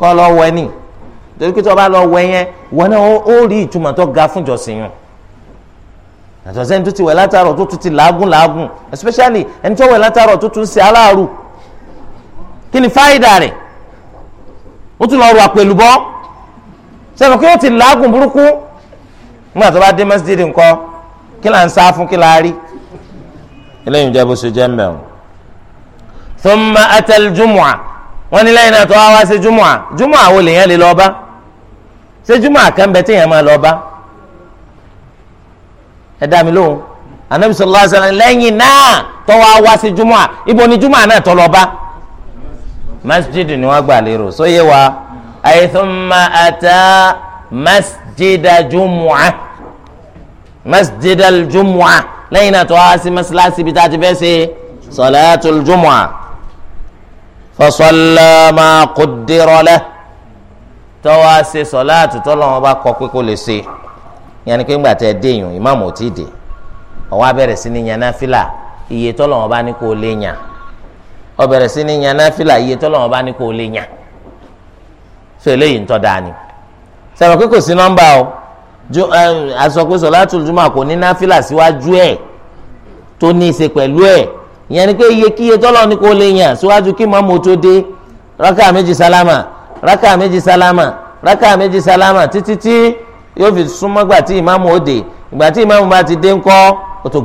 kọ́ lọ wẹ̀ ni torí pé tí wọ́n bá lọ wẹ̀ yẹn wọ́n náà ó rí ìtumọ̀ tó ga fún ìjọsìn yẹn àtọ̀ sẹ́ni tó ti wẹ̀ látàrọ̀ tó tún ti làágùn làágùn especially ẹni tó wẹ̀ látàrọ̀ tó tún ṣe aláàrù kí ni fáìdà rẹ̀ ó tún lọ rọ àpèlúbọ́ sẹ́ni pé ó ti làágùn burúkú nígbà tó bá dé mẹ́sídìí nǹkan kí là ń sá fún kí là á rí eléyìí jẹ́ bó ṣe jẹ́ mbẹ́ o. thumma atal jumu'a wọ́n ní lẹ́yìn náà tó wá wá sí jumu'a jumu'a wo lèèyàn lè lọ bá ṣé jumu'a kan bẹ téèyàn máa lọ bá ẹ dá mi lóhùn anabi sallallahu alaihi wasallam lẹ́yìn náà tó wá wá sí jumu'a ibo ni jumu'a náà tó lọ bá masjid ni wọ́n gbà lérò sóyè wa ay thumma ata masjida jumu'a masjid aljumua lẹ́yìn náà tó wá sí masalasi ibi tá a ti fẹ́ ṣe sọláàtù aljumua fọsọlámà kùdírọlẹ tó wá ṣe sọláàtù tó lọ́wọ́ bá kọ pé kó lè ṣe yẹn ni pé ńgbà tẹ dé yùn ìmáàmù ò tí ì dé ọwọ́ abẹ́rẹ́ sí ni yẹn iye tó bá ní kó lè yàn ó sí ní yan iye tọ́lọ́wọ́n bá ní kó lè yàn so eléyìí ń tọ́ da ni kò sí nọ́mbà o asọ pé sọláàtù jùmọ̀ kò ní náfìlà síwájú ẹ̀ tó ní í ṣe pẹ̀lú ẹ̀ ìyẹn ni pé iye tọ́lọ̀ ní kò lè yàn síwájú kí mọ́mú tó dé rákà méjì sálámà rákà méjì sálámà rákà méjì sálámà títí tí yóò fi súnmọ́ gbà tí ìmáàmù ó dé ìgbà tí bá ti dé ńkọ́ ó tó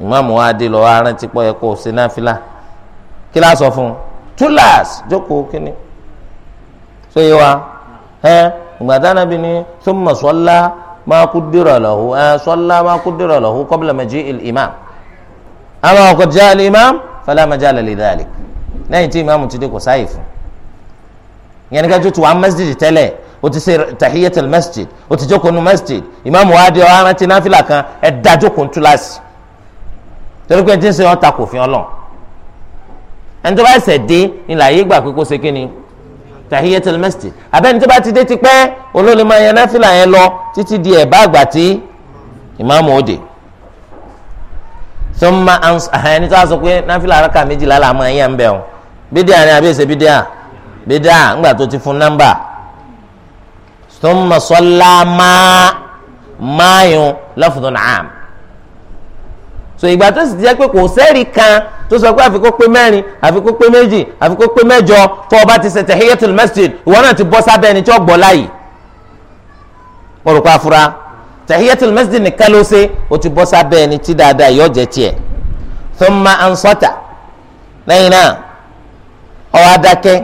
ìmáàmù wa dé lọ arántí pọ̀ yẹ kó o ṣe náfìlà kí la sọ fún un tulas jókòó kínní so yé wa ẹ ìgbàdá nàbí ni thumma salla ma qaddara lahu ẹ salla ma qaddara lahu qabla maji'i al-imam amma qad ja'a al-imam fala majala li dhalik lẹ́yìn tí ìmáàmù ti dé kò sáyè fún yẹn ní ká tu wá masjid tẹ́lẹ̀ o ti ṣe tahiyatul masjid o ti jókòó nu masjid ìmáàmù wa dé ọ torí pé tí ń ṣe wọn ta kò fi ọlọ ẹni tó bá ṣẹ̀ dé ni làyè gbà pé kó ṣe kí ni tahiyatul masjid abẹ́ni tó bá ti dé ti pẹ́ olóòlù máa yan náfìlà yẹn lọ títí di ẹ̀bá àgbà tí ìmáàmù òde tó ma ẹni tó a sọ pé náfìlà araka méjìlá là máa yan bẹ́ẹ̀ o bídíà ni àbí èsè bídíà bídíà ńgbà tó ti fún nọ́mbà tó ma sọ́lá máa máa yun lọ́fùdùn nàám so ìgbà tó sì ti jẹ́ pé kò sẹ́ẹ̀rì kan tó sọ pé àfikún pé mẹ́rin àfikún pé méjì àfikún pé mẹ́jọ tó o bá ti ṣe tahiyatul masjid ìwọ náà ti bọ́ sábẹ́ ẹni tí ó gbọ́ láàyè mo afura tahiyatul masjid nìkan ló ṣe o ti bọ́ sábẹ́ ẹni tí dáadáa yóò jẹ́ tiẹ̀ thumma ansata lẹ́yìn náà ó wá dákẹ́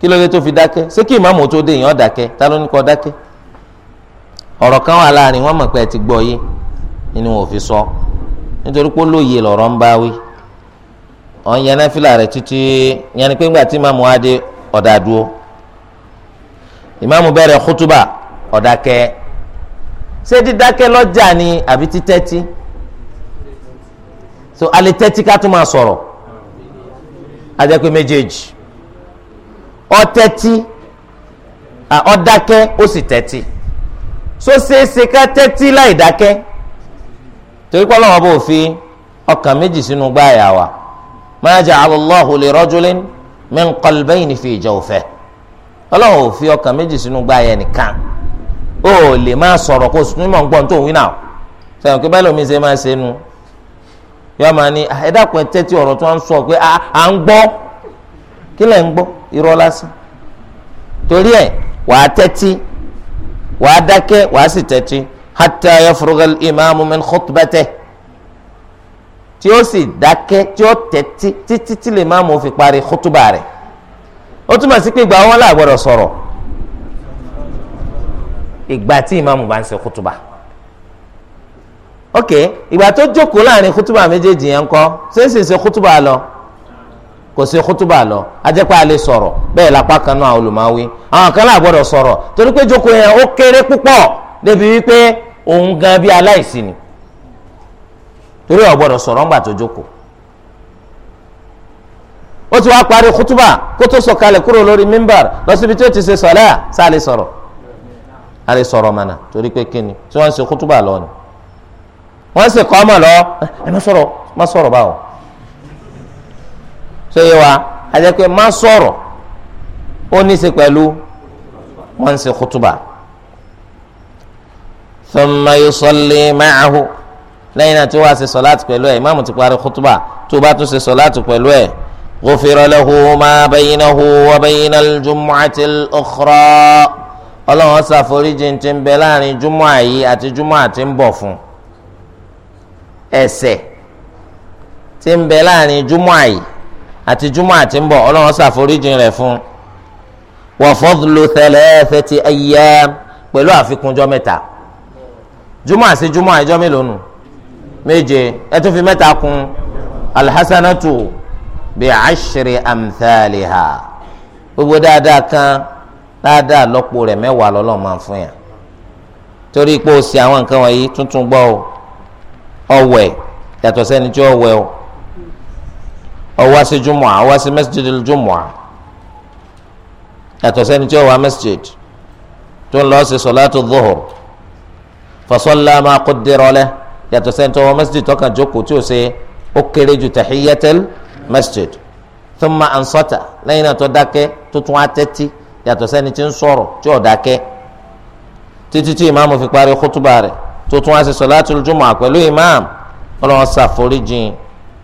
kí ló dé tó fi dákẹ́ ṣé kí ìmáàmù tó dé èèyàn dákẹ́ ta ló ní kó dákẹ́ ọ̀rọ̀ kan wà láàrin wọn mọ̀ pé ẹ ti gbọ́ yé ni wọn ò fi sọ. So nítorí pé lóye lọ̀rọ̀ ń bá wí ọ̀n yẹn náfìlà rẹ̀ títí yẹn ni pé ńgbà tí ìmáàmù á dé ọ̀dà dúró ìmáàmù bẹ̀rẹ̀ kútúbà ọ̀dà kẹ́ ṣé dídákẹ́ lọ́jà ni àbí títẹ́tí so alẹ́ tẹ́tí ká tún máa sọ̀rọ̀ ajẹ́pẹ́ méjèèjì ọ̀tẹ́tí ọ̀dákẹ́ ó sì tẹ́tí so ṣeéṣe ká tẹ́tí láì dákẹ́. So, torí pé ọlọ́wọ́ bò fi ọkàn méjì sínú gbáàyà wa ma ja'ala Allahu li rajulin min qalbayni fi jawfihi ọlọ́wọ́ ò fi ọkàn méjì sínú gbáàyà nìkan ó lè máa sọ̀rọ̀ kó sùn mọ̀ ń gbọ́n tó ń wí náà sẹ́wọ̀n ṣe máa ṣe nu máa ní ah, tẹ́tí ọ̀rọ̀ tó ń sọ pé ah, à ń gbọ́ kí lẹ̀ ń gbọ́ irọ́ lásán torí ẹ̀ wàá tẹ́tí حتى يفرغ الإمام من khutbatẹ tí ó sì dákẹ́ tí ó tẹ́tí títí tí lè máa mú fi parí khutuba rẹ̀ ó túmọ̀ sí pé ìgbà wọn là gbọ́dọ̀ sọ̀rọ̀ ìgbà tí ìmáàmù bá ń ṣe khutuba ok ìgbà tó jókòó láàrin khutuba méjèèjì yẹn kọ́ ṣé ń sì ṣe khutuba lọ kò sí khutuba lọ ajẹ́pẹ́ a sọ̀rọ̀ bẹ́ẹ̀ lápá kan náà olùmọ̀wé àwọn kan là sọ̀rọ̀ torí pé jókòó yẹn ó kéré púpọ̀ débi wípé òun gan bí aláìsí ni torí ó gbọ́dọ̀ sọ̀rọ̀ ńgbà tó jókòó ó ti wá parí kútúbà kó tó sọ̀kalẹ̀ kúrò lórí mímbàr lọ síbi tí ó ti ṣe sọ̀lá sáàlì sọ̀rọ̀ àlè sọ̀rọ̀ mọ̀nà torí pé kíni tí wọ́n ṣe kútúbà lọ ni wọ́n ń ṣe kọ́ ọmọ lọ ẹ má sọ̀rọ̀ má sọ̀rọ̀ báwo ṣé yé wa àjẹpẹ́ má sọ̀rọ̀ ó ní í ṣe pẹ̀lú wọ́n ṣe kútúbà thumma yusalli ma'ahu lẹ́yìn náà tí wàá ṣe sọláàtì pẹ̀lú ẹ̀ ìmáàmù ti parí kútùbà tó bá tún ṣe sọláàtì pẹ̀lú ẹ̀ ghufira lahu ma baynahu wa bayna al-jumu'ati al-ukhra ọlọ́run ṣàforíjì ti ń bẹ láàrin júmọ́ yìí àti júmọ́ àti ń bọ̀ fún ẹ̀ṣẹ̀ ti ń bẹ láàrin júmọ́ yìí àti júmọ́ àti ń bọ̀ ọlọ́run ṣàforíjì rẹ̀ fún wa fadlu thalathati ayyam pẹ̀lú àfikúnjọ́ mẹ́ta júmọ̀ àti júmọ̀ ẹjọ́ mélòó nù méje ẹ tún fi mẹ́ta kún alhassanatu bi ashri amthaliha gbogbo dáadáa kan dáadáa lọ́pọ̀ rẹ̀ mẹ́wàá lọ́lọ́run máa fún yàn torí pé o sì àwọn nǹkan wọ̀nyí tuntun gbọ́ o ọ̀wẹ̀ yàtọ̀ tí ọ̀wẹ̀ o ọwọ́ sí júmọ̀ ọwọ́ sí masjidil júmọ̀ yàtọ̀ sẹ́ni tí ọwọ́ masjid tó ń lọ sí sọ̀látù dhuhur fasọ́lá máa kó dérọ́lẹ́ yàtọ̀ sẹ́ńtọ́ wọn masjid tọkàn jókòó tí ó ṣe ó kéré ju tahiyatel masjid thumma ansata lẹ́yìn náà tó dákẹ́ tó tún á tẹ́tí yàtọ̀ sẹ́ni tí ń sọ̀rọ̀ tí ò dákẹ́ títí tí ìmáàmù fi parí kútùbà rẹ̀ tó tún á ṣe sọ̀látùl jumu'a pẹ̀lú ìmáàmù ọlọ́run ṣàforíjìn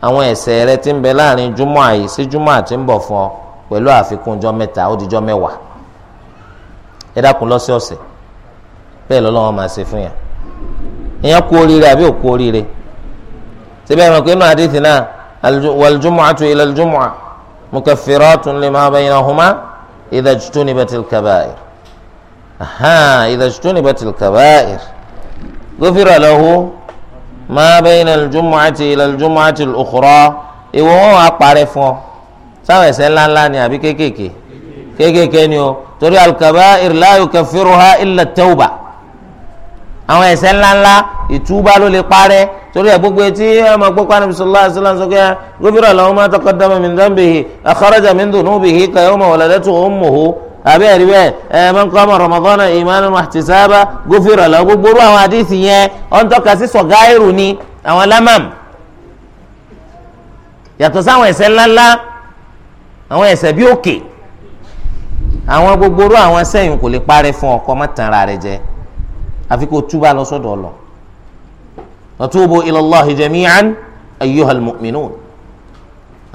àwọn ẹ̀ṣẹ̀ rẹ tí ń bẹ láàrin jumu'a yìí sí jumu'a tí ń bọ̀ fún ọ pẹ̀lú di ọjọ́ mẹ́wàá ẹ dákun lọ́sọ̀ọ̀sẹ̀ bẹ́ẹ̀ lọ́lọ́run máa ṣe fún èèyàn kú oríire àbí òkú oríire síbẹ̀ mọ̀ pé inú àdìsí náà waljumu'atu ila aljumu'a mukaffiratun lima baynahuma idha ijtunibatil kaba'ir idha ijtunibatil kaba'ir ghufira lahu ma bayna aljumu'ati ila aljumu'ati al-ukhra ìwọ wọn wà parẹ́ fún sa ọ sáwọn lan lan ni àbí kekeke kekeke ni o torí al-kaba'ir la yukaffiruha illa at-tawbah. àwọn ẹ̀ṣẹ̀ ńláńlá ìtúbà ló lè parẹ́ torí ẹ gbogbo etí ọmọ gbogbo anabi sọlá ṣẹlá ń sọkẹ gómìnà làwọn máa tọkọ dámọ mi dán bèhì àkọrọjà mi ń dùn ún bèhì kàyọ ọmọ wọlẹdẹtù ọmọhó àbẹ ẹrí bẹ ẹ máa ń kọ́ ọmọ ramadan ìmánu àtìsábà gómìnà làwọn gbogbo orú àwọn àdìsí yẹn ọ̀n tọ́ka sí sọ̀gáìrù ni àwọn lámàm yàtọ̀ sáwọn ẹ̀ṣẹ̀ ńláńlá àwọn ẹ̀ṣẹ̀ bí òkè àwọn gbogbo orú àwọn sẹ́yìn kò lè parẹ́ fún ọkọ mọ́tàn ara rẹ jẹ́ àfi kó túbà lọ sọ́dọ̀ ọlọ watubu ilallahi jami'an ayyuhal mu'minun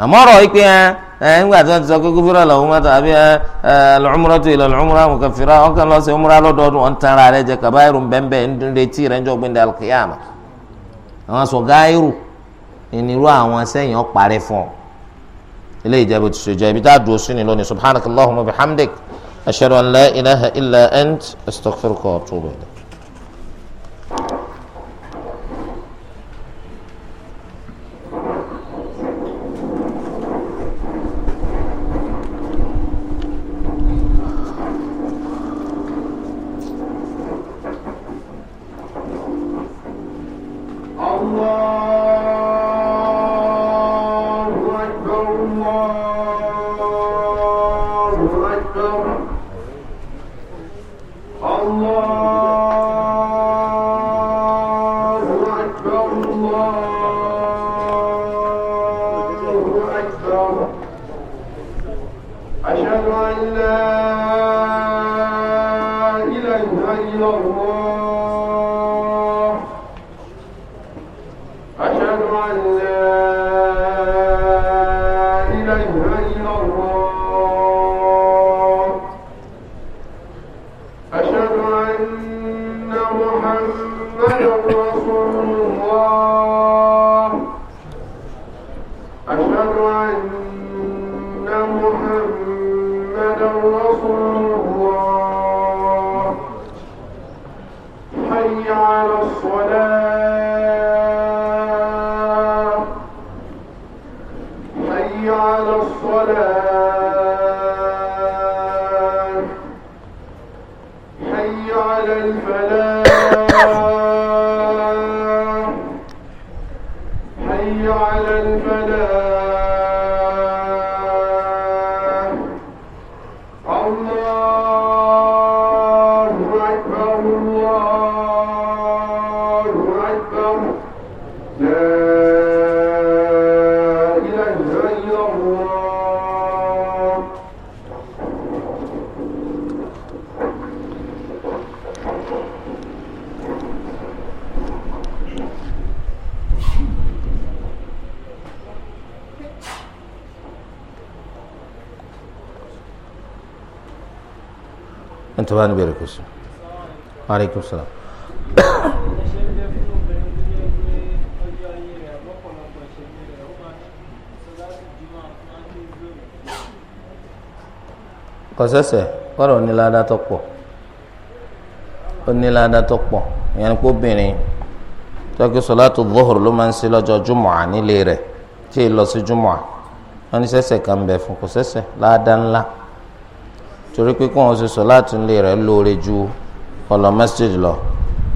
àmọ́ ọ̀rọ̀ yìí pé ẹ ńgbà tí wọ́n ti sọ pé kúfúrà lọ́wọ́ mọ́tò àbí al-umratu ila al-umra mukaffira wọn kàn lọ́ọ́ ṣe umra lọ́dọọdún wọn tán ara rẹ jẹ kabairu bẹ́ẹ̀nbẹ́ẹ̀ ń retí rẹ ń jọ gbẹ́ndẹ́ al-qiyama àwọn sọ̀gáìrù ìnirú àwọn sẹ́yìn ọ̀parẹ́ fún ọ. ilé ìjẹ́bù ti ṣèjọ ibi tá a dùn sí ni lónìí subhanakallahumma bihamdik ashhadu an la ilaha illa ant astaghfiruka wa atubu ilayk tó bá ní bẹ̀rẹ̀ kò sí. aleykum salaam. kọ̀sẹ́sẹ̀ kọ́dọ̀ onílàdá tó pọ̀ onílàdá tó pọ̀ ìyẹn kó obìnrin tọ́kí sọ̀látù Dhuhr ló máa ń ṣe lọ́jọ́ jùmọ̀à nílé rẹ̀ tí ì lọ sí jùmọ̀à wọ́n ní sẹ́sẹ̀ kan bẹ̀ fún kọ̀sẹ́sẹ̀ láàdá ńlá torí pé kóun ṣe sọ láti ilé rẹ̀ lóore ju ọlọ masjid lọ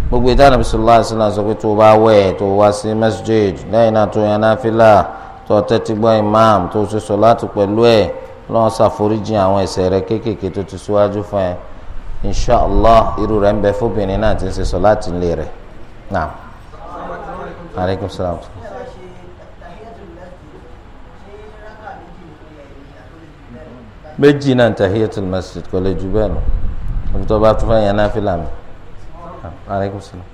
gbogbo ìdáná bisalòlá àṣìlá sọ pé tó o bá wẹ̀ tó o wá sí masjid lẹ́yìn náà tó yan náfìlà tó tẹ́tí gbọ́ imam tó ṣe sọ láti pẹ̀lú ẹ̀ lọ́wọ́ ṣàforíjì àwọn ẹ̀ṣẹ̀ rẹ̀ kéékèèké tó ti síwájú fún ẹ inshàlá irú rẹ̀ ń bẹ fóbìnrin náà ti ń ṣe sọ láti ilé rẹ̀ naam aleykum salaam. méjì náà ní tahiyatul masjid kò lè ju bẹ́ẹ̀ lọ àbí tó bá tún fẹ́ yẹn náfìlà mi. aleykum ah, salaam.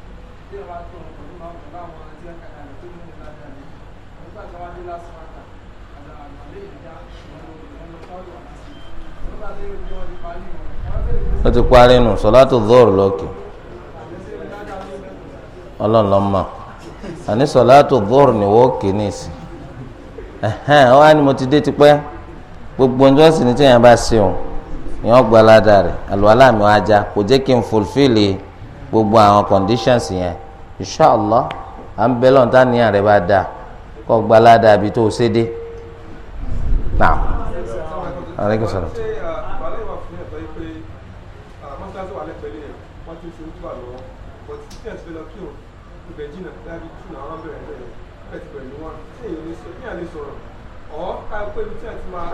ó ti parí nù sọláàtù dọ́ọ̀rù lọ́kì ọlọ́ọ̀lọ́mọ àní sọláàtù dọ́ọ̀rù ni wọ́ọ̀kì ní ìsìn ẹ̀hẹ́n ó wá mo ti dé tipẹ́ gbogbo ohun tí wọ́n sì ní téèyàn bá ṣe òun ni wọ́n gba aládà rẹ̀ àlùwalá mi wá já kò jẹ́ kí n fulfili gbogbo àwọn conditions yẹn inshàlá à ń bẹ́lọ̀ ní táníyàn rẹ̀ bá dáa kọ́ gba aládà àbí tó o ṣe dé. Now, alaikum salaam. ọ̀ọ́ká pé ibi tí ẹ̀ ti máa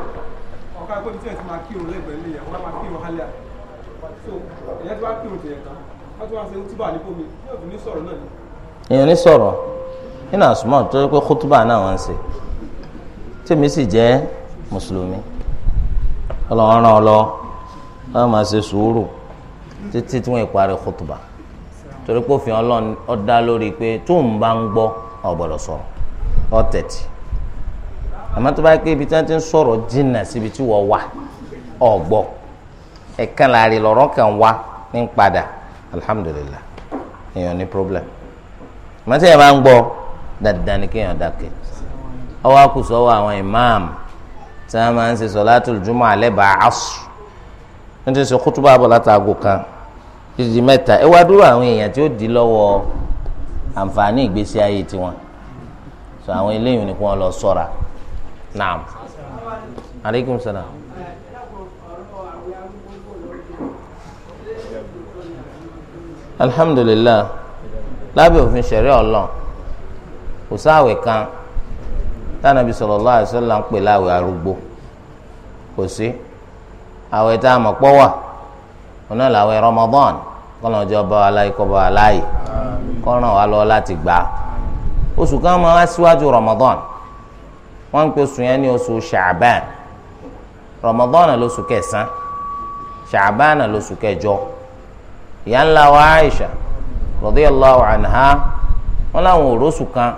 ọ̀ọ́ká pé ibi tí ẹ̀ ti máa kírun lẹ́gbẹ̀ẹ́ lè yẹn wọ́n á máa kírun hálíà so ẹ̀yẹ́ ti wá kírun tẹ̀yẹ̀ tán wọ́n ti wá ṣe túbà ní bómi yóò fi ní sọ̀rọ̀ náà ni. èèyàn ní sọ̀rọ̀ nínú àsùnmọ̀ tó yẹ pé kútúbà náà wọ́n ń ṣe tèmi sì jẹ́ mùsùlùmí ọlọ́run ọlọ́ wọ́n máa ṣe sùúrù títí tí wọ́n ìparí kútúbà torí pé òfin ọlọ́run ó lórí pé tóun bá ń gbọ́ ó sọ̀rọ̀ ó àmọ́ tó bá yẹ pé ibi tí wọ́n ti ń sọ̀rọ̀ jìnnà síbi tí wọ́n wà ọ̀gbọ́ ẹ̀kan láàrin lọ́rọ́ kan wá ní padà alhamdulillah èèyàn ní problem àmọ́ tí èèyàn bá ń gbọ́ dandan ni kéèyàn dákẹ́ ọwọ́ àkùsọ̀wọ́ àwọn ìmáàmù tí wọ́n máa ń ṣe sọ̀látùl jumu'a alẹ́ bá asù wọ́n ti sọ kútúbà bọ̀ látàgò kan títí mẹ́ta ẹ wá dúró àwọn èèyàn tí ó di lọ́wọ́ àǹfààní ìgbésí ayé tiwọn sọ àwọn eléyìí ni kí wọ́n lọ sọ́ra. So, naam aleykum salaam. alhamdulilayi lábẹ́ òfin ṣẹ̀rí ọlọ́n kò sáàwẹ̀ kan tánàbí sallallahu alaihi wasallam ń pè láwẹ̀ arúgbó kò sí àwẹ̀ tá a mọ̀ pọ̀ wà òun náà làwẹ̀ Ramadan kọ́nà ọjọ́ bá wa láyé kọ́ bá wa láyé kọ́nà wa lọ láti gbà oṣù kan máa wá síwájú Ramadan wọ́n ń pè oṣù yẹn ní oṣù ṣàbán rọmọdọ́nà lóṣù kẹsàn-án ṣàbánà lóṣù kẹjọ ìyá ńlá wa Aisha radiyallahu anha wọn làwọn òróṣù kan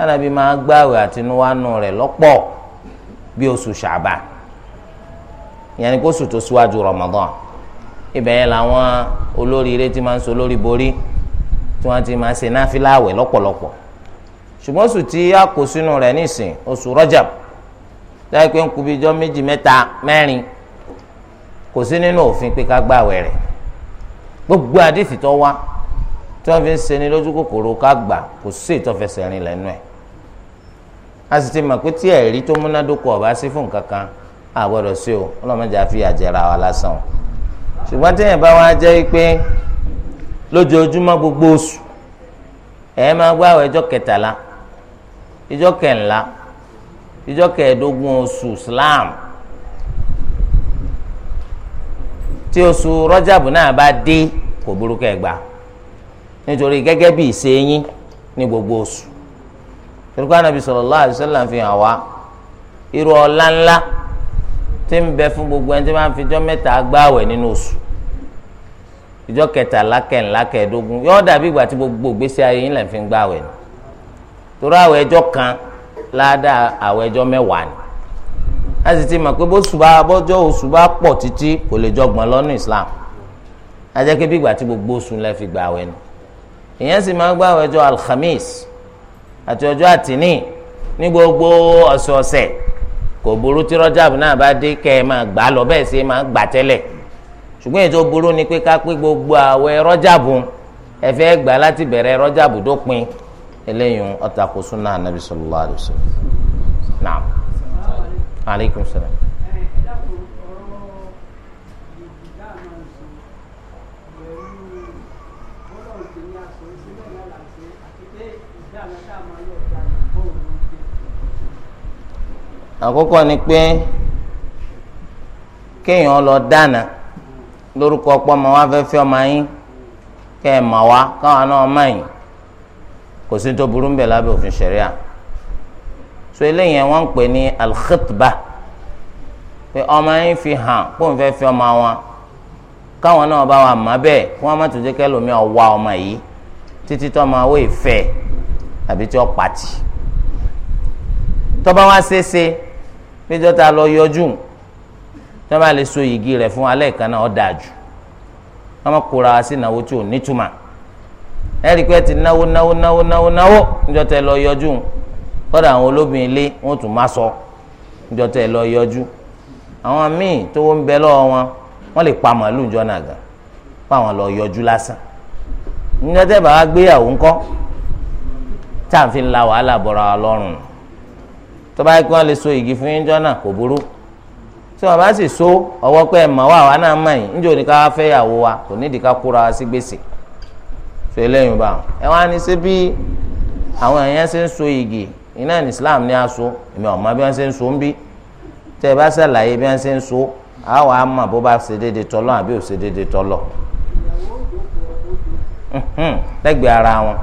Ànábì máa gbààwẹ̀ àtinúwánu rẹ̀ lọ́pọ̀ bí oṣù ṣàbán ìyẹn ni kó tó síwájú Ramadan ibẹ̀ yẹn làwọn olóríire ti máa ń so lórí borí tí wọ́n ti máa ṣe náfìláwẹ̀ lọ́pọ̀lọpọ̀ ṣùgbọ́n oṣù tí a kó sínú rẹ̀ nísìn oṣù Rajab táyé pé ń kú bíjọ́ méjì mẹ́ta mẹ́rin kò sí nínú òfin pé ká gbààwẹ̀ rẹ̀ gbogbo àdìsí tó wá tí wọ́n fi ń ṣeni lójú kòkòrò ká gbà kò sí ìtọ́fẹsẹ̀ rìn lẹ́nu ẹ̀ a sì ti mọ̀ pé tí ẹ̀rí tó múnádóko ọ̀bá sí fún nǹkan kan àgbọ̀dọ̀ sí o ọlọ́mọdé àfi àjẹrà wa lásán o ṣùgbọ́n téèyàn bá wá jẹ́ pé lójoojúmọ́ gbogbo oṣù ẹ̀ máa gbààwẹ̀ ọjọ́ kẹtàlá ìjọ kẹńlá ìjọ kẹẹ̀ẹ́dógún oṣù islam tí oṣù rọ́jàbù náà bá dé kò burú kẹgbà nítorí gẹ́gẹ́ bí ìṣe yín ní gbogbo oṣù torí ká nàbí sallallahu alaihi fi hàn wá irú ọlá ńlá tí ń bẹ fún gbogbo ẹni tí wọ́n fi jọ́ mẹ́ta gbáwẹ̀ nínú oṣù ìjọ kẹtàlá kẹńlá kẹẹ̀ẹ́dógún yóò dàbí ìgbà tí gbogbo ìgbésí ayé yín lẹ́ fi ń gbáwẹ̀ ni torí àwọn ẹjọ́ kan ládàá àwọn ẹjọ́ mẹ́wàá ni a sì ti mọ̀ pé bó ṣùgbọ́n abọ́jọ́ oṣù bá pọ̀ títí kò lè jọgbọ̀n lọ́nà Islam a jẹ́ pé bí ìgbà tí gbogbo oṣù lẹ́ fi gbà wẹ̀ ni ìyẹn sì máa ń gbà àwọn ẹjọ́ alhamis àti ọjọ́ àtìní ní gbogbo ọ̀sọ̀ọ̀sẹ̀ kò burú tí Rajab náà bá dé kẹ́ ẹ máa gbà á lọ bẹ́ẹ̀ sì máa gbà tẹ́lẹ̀ ṣùgbọ́n èyí burú ni pé ká pé gbogbo àwẹ̀ Rajab ẹ fẹ́ gbà láti bẹ̀rẹ̀ Rajab dópin eléyìí ọ̀tàkùn súnà anabi sallallahu alaihi wasallam naam aleykum salaam. àkọ́kọ́ ni pé kéèyàn lọ dáná lórúkọ ọpọ́ ọmọ wa fẹ́ fẹ́ ọmọ yín kẹ́ ẹ̀ mọ̀ wá káwọn náà mọ̀ yín kò sí tó burú ń bẹ̀ lábẹ́ òfin ṣẹ̀ríà so eléyìí wọ́n ń pè ní alkhitba pé ọmọ yín fi hàn kó n fẹ́ fi ọmọ wọn káwọn náà bá wà má bẹ́ẹ̀ kí wọ́n má tún jẹ́ kẹ́lòmí ọ̀wá ọmọ yìí títí tó ọmọ awé ìfẹ́ àbí tí ó pàtì tọ́ba wá ṣeéṣe péjọ ta lọ yọjú tọ́ba lè so yìgì rẹ̀ fún alẹ́ kan náà ó dáa jù wọ́n kóra sí ìnáwó tí ò nítumọ̀. ẹ̀rí pé ti náwó náwó náwó náwó náwó níjọ́ lọ yọjú kọ́dà àwọn olóbìnrin ilé wọ́n tún má sọ níjọ́ lọ yọjú àwọn míì tó ń bẹ lọ́wọ́ wọn wọ́n lè pa màálù níjọ́ náà gan fáwọn lọ yọjú lásán níjọ́ tẹ́ bàbá gbéyàwó ńkọ́ tá ń fi la wàhálà bọ̀ra wa lọ́rùn tó bá so igi fún yín koburu. náà kò burú so ọwọ́ náà yìí níjọ́ so eléyìí bá ẹ wá ní ṣe bí àwọn èèyàn ṣe ń so igi iná ní Islam ní aṣọ èmi ọ̀ma bí wọ́n ṣe ń so ń bí tẹ́ ẹ bá ṣàlàyé bí wọ́n ṣe ń so àwọn àmà bó bá ṣe déédéé tọ́lọ́ àbí ò ṣe déédéé tọ́lọ́ lẹ́gbẹ̀ẹ́ ara wọn.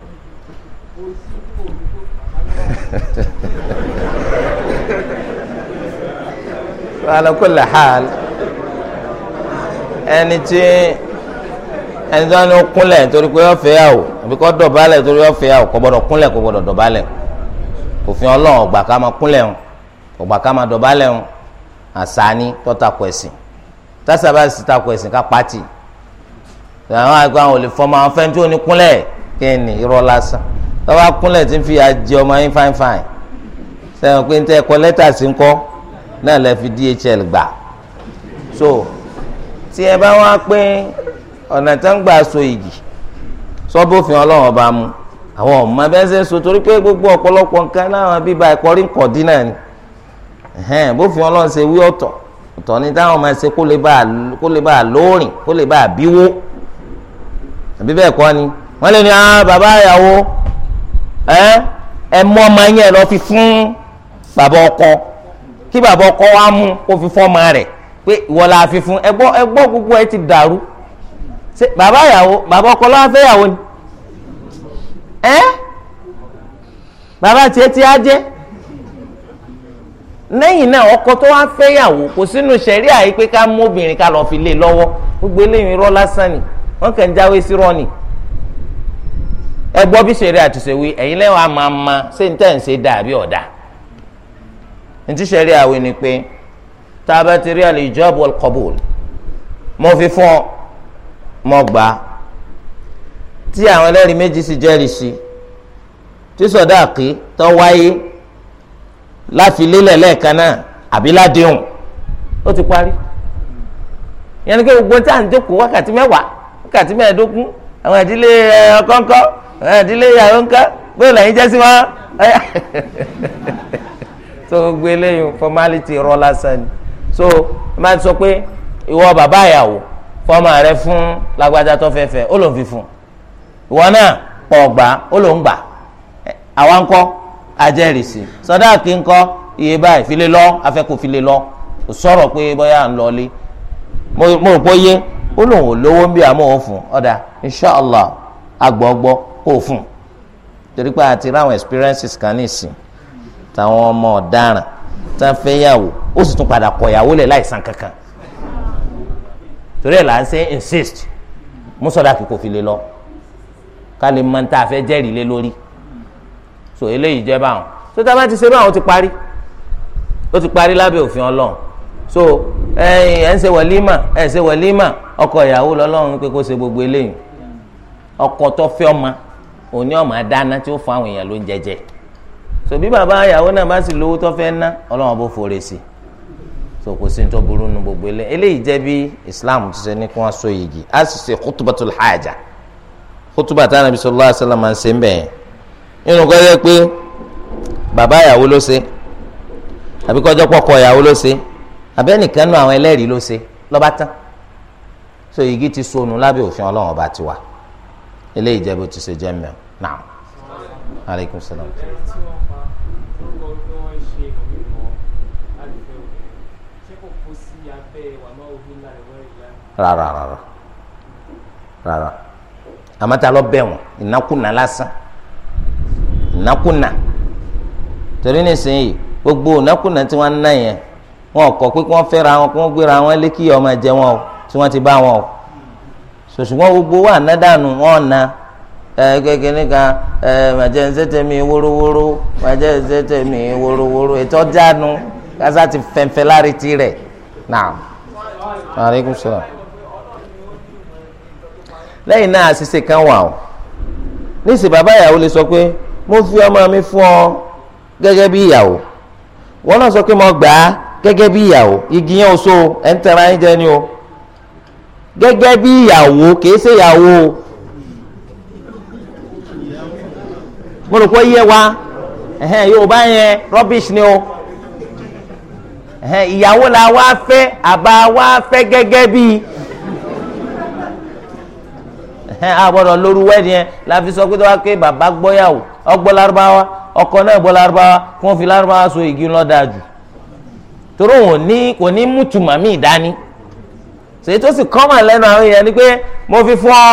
<laughs> ala kulli hal ẹni tí ẹni tí wọ́n kúnlẹ̀ torí pé ó fẹ́ yàwó àbí kó dọ̀bálẹ̀ torí ó fẹ́ yàwó kò gbọ́dọ̀ kúnlẹ̀ kò gbọ́dọ̀ dọ̀bálẹ̀ òfin Ọlọ́run ò gbà ká máa kúnlẹ̀ ń ò gbà ká máa dọ̀bálẹ̀ ń àsáni tó ẹ̀sìn tásàbà sì takò ẹ̀sìn ká pàtì àwọn àgbà wọn ò lè fọmọ àwọn fẹ́ntì ò ní kúnlẹ̀ kéènì irọ́ lásán lọ́wọ́ akúnlẹ̀ tí ń fi àjẹ ọmọ yín fáin fáin sẹ́wọ̀n pé ń tẹ́ ẹ̀kọ́ lẹ́tà sí ń kọ́ fi DHL gbà so tí ẹ bá wá pé ọ̀nà tó ń gbà so igi sọ́bófin ọlọ́run ọba mu àwọn ọmọ bẹ́ẹ̀ ṣe ń so torí pé gbogbo ọ̀pọ̀lọpọ̀ nǹkan láwọn ẹ̀kọ́ rí nǹkan dín ni bófin ọlọ́run ṣe wí ọ̀tọ̀ ọ̀tọ̀ ni táwọn máa ṣe kó lè bá wọ́n lè ní ah bàbá ìyàwó ẹ ẹ mú ọmọ yẹn lọ fi fún bàbá ọkọ kí bàbá ọkọ wa mú kó fi fún ọmọ rẹ̀ pé ìwọ la fi fún ẹ gbọ́ ẹ gbọ́ gbogbo ẹ ti dàrú ṣe bàbá ìyàwó bàbá ọkọ lọ́wọ́ fẹ́ ìyàwó ni ẹ bàbá tiẹ̀ ti á jẹ́ lẹ́yìn náà ọkọ tó wá fẹ́yàwó kò sínú ṣẹ̀ríà yìí pé ká mú obìnrin ká lọ́ọ́ fi lé lọ́wọ́ gbogbo eléyìí irọ́ lásán ni wọ́n kàn jáwé sí rọ́ọ̀nì ẹ gbọ́ bí sẹ̀rí àti sẹ̀wí ẹ̀yin lẹ́wọ̀n àmọ́ àmọ́ ṣé n tẹ̀ ń ṣe dàbí ọ̀dà n ti sẹ̀rí àwẹ̀ ni pé tá a bá ti rí al-ijab wal-qabul mo fi fún ọ mo gbà á tí àwọn ẹlẹ́rìí méjì sì jẹ́rìí sí tí sọ̀dáàkì tó wáyé láfi lélẹ̀ lẹ́ẹ̀kan náà àbí ládéhùn ó ti parí yẹn ni pé gbogbo tí à ń jókòó wákàtí mẹ́wàá wákàtí mẹ́ẹ̀ẹ́dógún àwọn ìdílé ọkọ̀ọ̀kọ̀ ìdílé ìyàwó ń ká bóyá lẹ́yìn jẹ́ sí wa <laughs> so gbogbo eléyìí formality rọ lásán ni so máa sọ pé ìwọ bàbá ìyàwó fọmọ rẹ fún lágbájá tó fẹ́ fẹ́ ó ló ń fi fún ìwọ náà pọ̀ gbà ó ló ń gbà àwa ń kọ́ ajẹ́rìsì sọdáàkì ń kọ́ iye báyìí fi lọ afẹ́kù fi lọ kò sọ̀rọ̀ pé bóyá ń lọlé mo rò pé yé ó lóun ò lówó ń bí àmọ́ òun fún ọ̀dà inshàlá agbọ́gbọ́ kó fún torí pé àti ráwọn experiences kan ní ìsìn táwọn ọmọ ọ̀daràn tá a fẹ́ yàwó ó sì tún padà kọ̀ yàwó lẹ̀ láì san kankan torí ẹ̀ là ń ṣe insist mùsọ̀dáàkì kò fi lè lọ ká lè mọ tá a fẹ́ jẹ́rìí lé lórí so eléyìí jẹ́ báwọn so tá a bá ti ṣe báwọn ti parí ó ti parí lábẹ́ òfin ọlọ́run so ẹ̀yin ẹ̀ ń ṣe wọ̀límà ẹ̀ ń ṣe wọ̀límà ọkọ ìyàwó lọ́lọ́run pé kó ṣe gbogbo eléyìí ọkọ tó fẹ́ ọmọ òun ni ọmọ adáná tí ó fún àwọn èèyàn ló ń jẹjẹ so bí bàbá ìyàwó náà bá sì lówó tó fẹ́ ná ọlọ́run bó fòrè sí i so kò sí ní tó burú nu gbogbo ilé eléyìí jẹ́ bí islam ti ṣe ní kí wọ́n so yìgì á sì ṣe khutubatul haja khutuba tí anabi sallallahu alaihi wasallam máa ń ṣe ń bẹ̀ yẹn nínú kọ́ jẹ́ pé bàbá ìyàwó ló ṣe àbí kọ́jọ́ pọ̀kọ ìyàwó ló ṣe àbẹ́ àwọn ẹlẹ́rìí ló ṣe lọ́ba tán so yìgì ti sọnù lábẹ́ òfin ọlọ́run ọba tiwa eléyìí jẹ́ bó ti ṣe jẹ́ mẹ́ọ̀ náà aleykum salaam. rárá rárá rárá àmọ́ ta lọ bẹ̀ wọ́n ìnákùnà lásán ìnákùnà torí nísìnyí gbogbo ìnákùnà tí wọ́n ń ná yẹn wọn kọ̀ pé kí wọ́n wọn kí wọ́n gbéra wọn lékì ọmọ ẹ̀jẹ̀ wọn tí wọ́n ti bá wọn o sòṣùgbọ́n gbogbo wa ná dànù wọn na kékeré kan màjẹ ń sẹ́tẹ̀ mi wórówóró màjẹ ń sẹ́tẹ̀ mi wórówóró ètò dànù kásá ti fẹ̀fẹ̀ lárí tirẹ̀ náà. aleykum salaam. lẹ́yìn náà àṣìṣe kan wà ó níṣẹ́ bàbá ìyàwó lè sọ pé mo fi ọmọ mi fún ọ gẹ́gẹ́ bí ìyàwó wọn náà sọ pé mo gbà á gẹ́gẹ́ bí ìyàwó igi yẹn o so ẹ̀ ń tẹ̀ra ẹ̀ jẹ́ ni o. gẹ́gẹ́ bí ìyàwó kìí ṣe ìyàwó mo rò pé yé wa yorùbá yẹn rubbish ni o ìyàwó la wá fẹ́ àbá wá fẹ́ gẹ́gẹ́ bí àbọ̀dọ̀ lóru wẹ́ẹ̀dì yẹn la fi sọ pé tó wá pé bàbá gbọ́yàwó ọgbọ́ ọkọ náà gbọ́ lárúbáwá kí wọ́n fi so igi ńlọ́dà jù torí òun kò ní mútu màmí ìdání. ṣèyí tó sì kọ́ mà lẹ́nu àwọn èèyàn mo fi fún ọ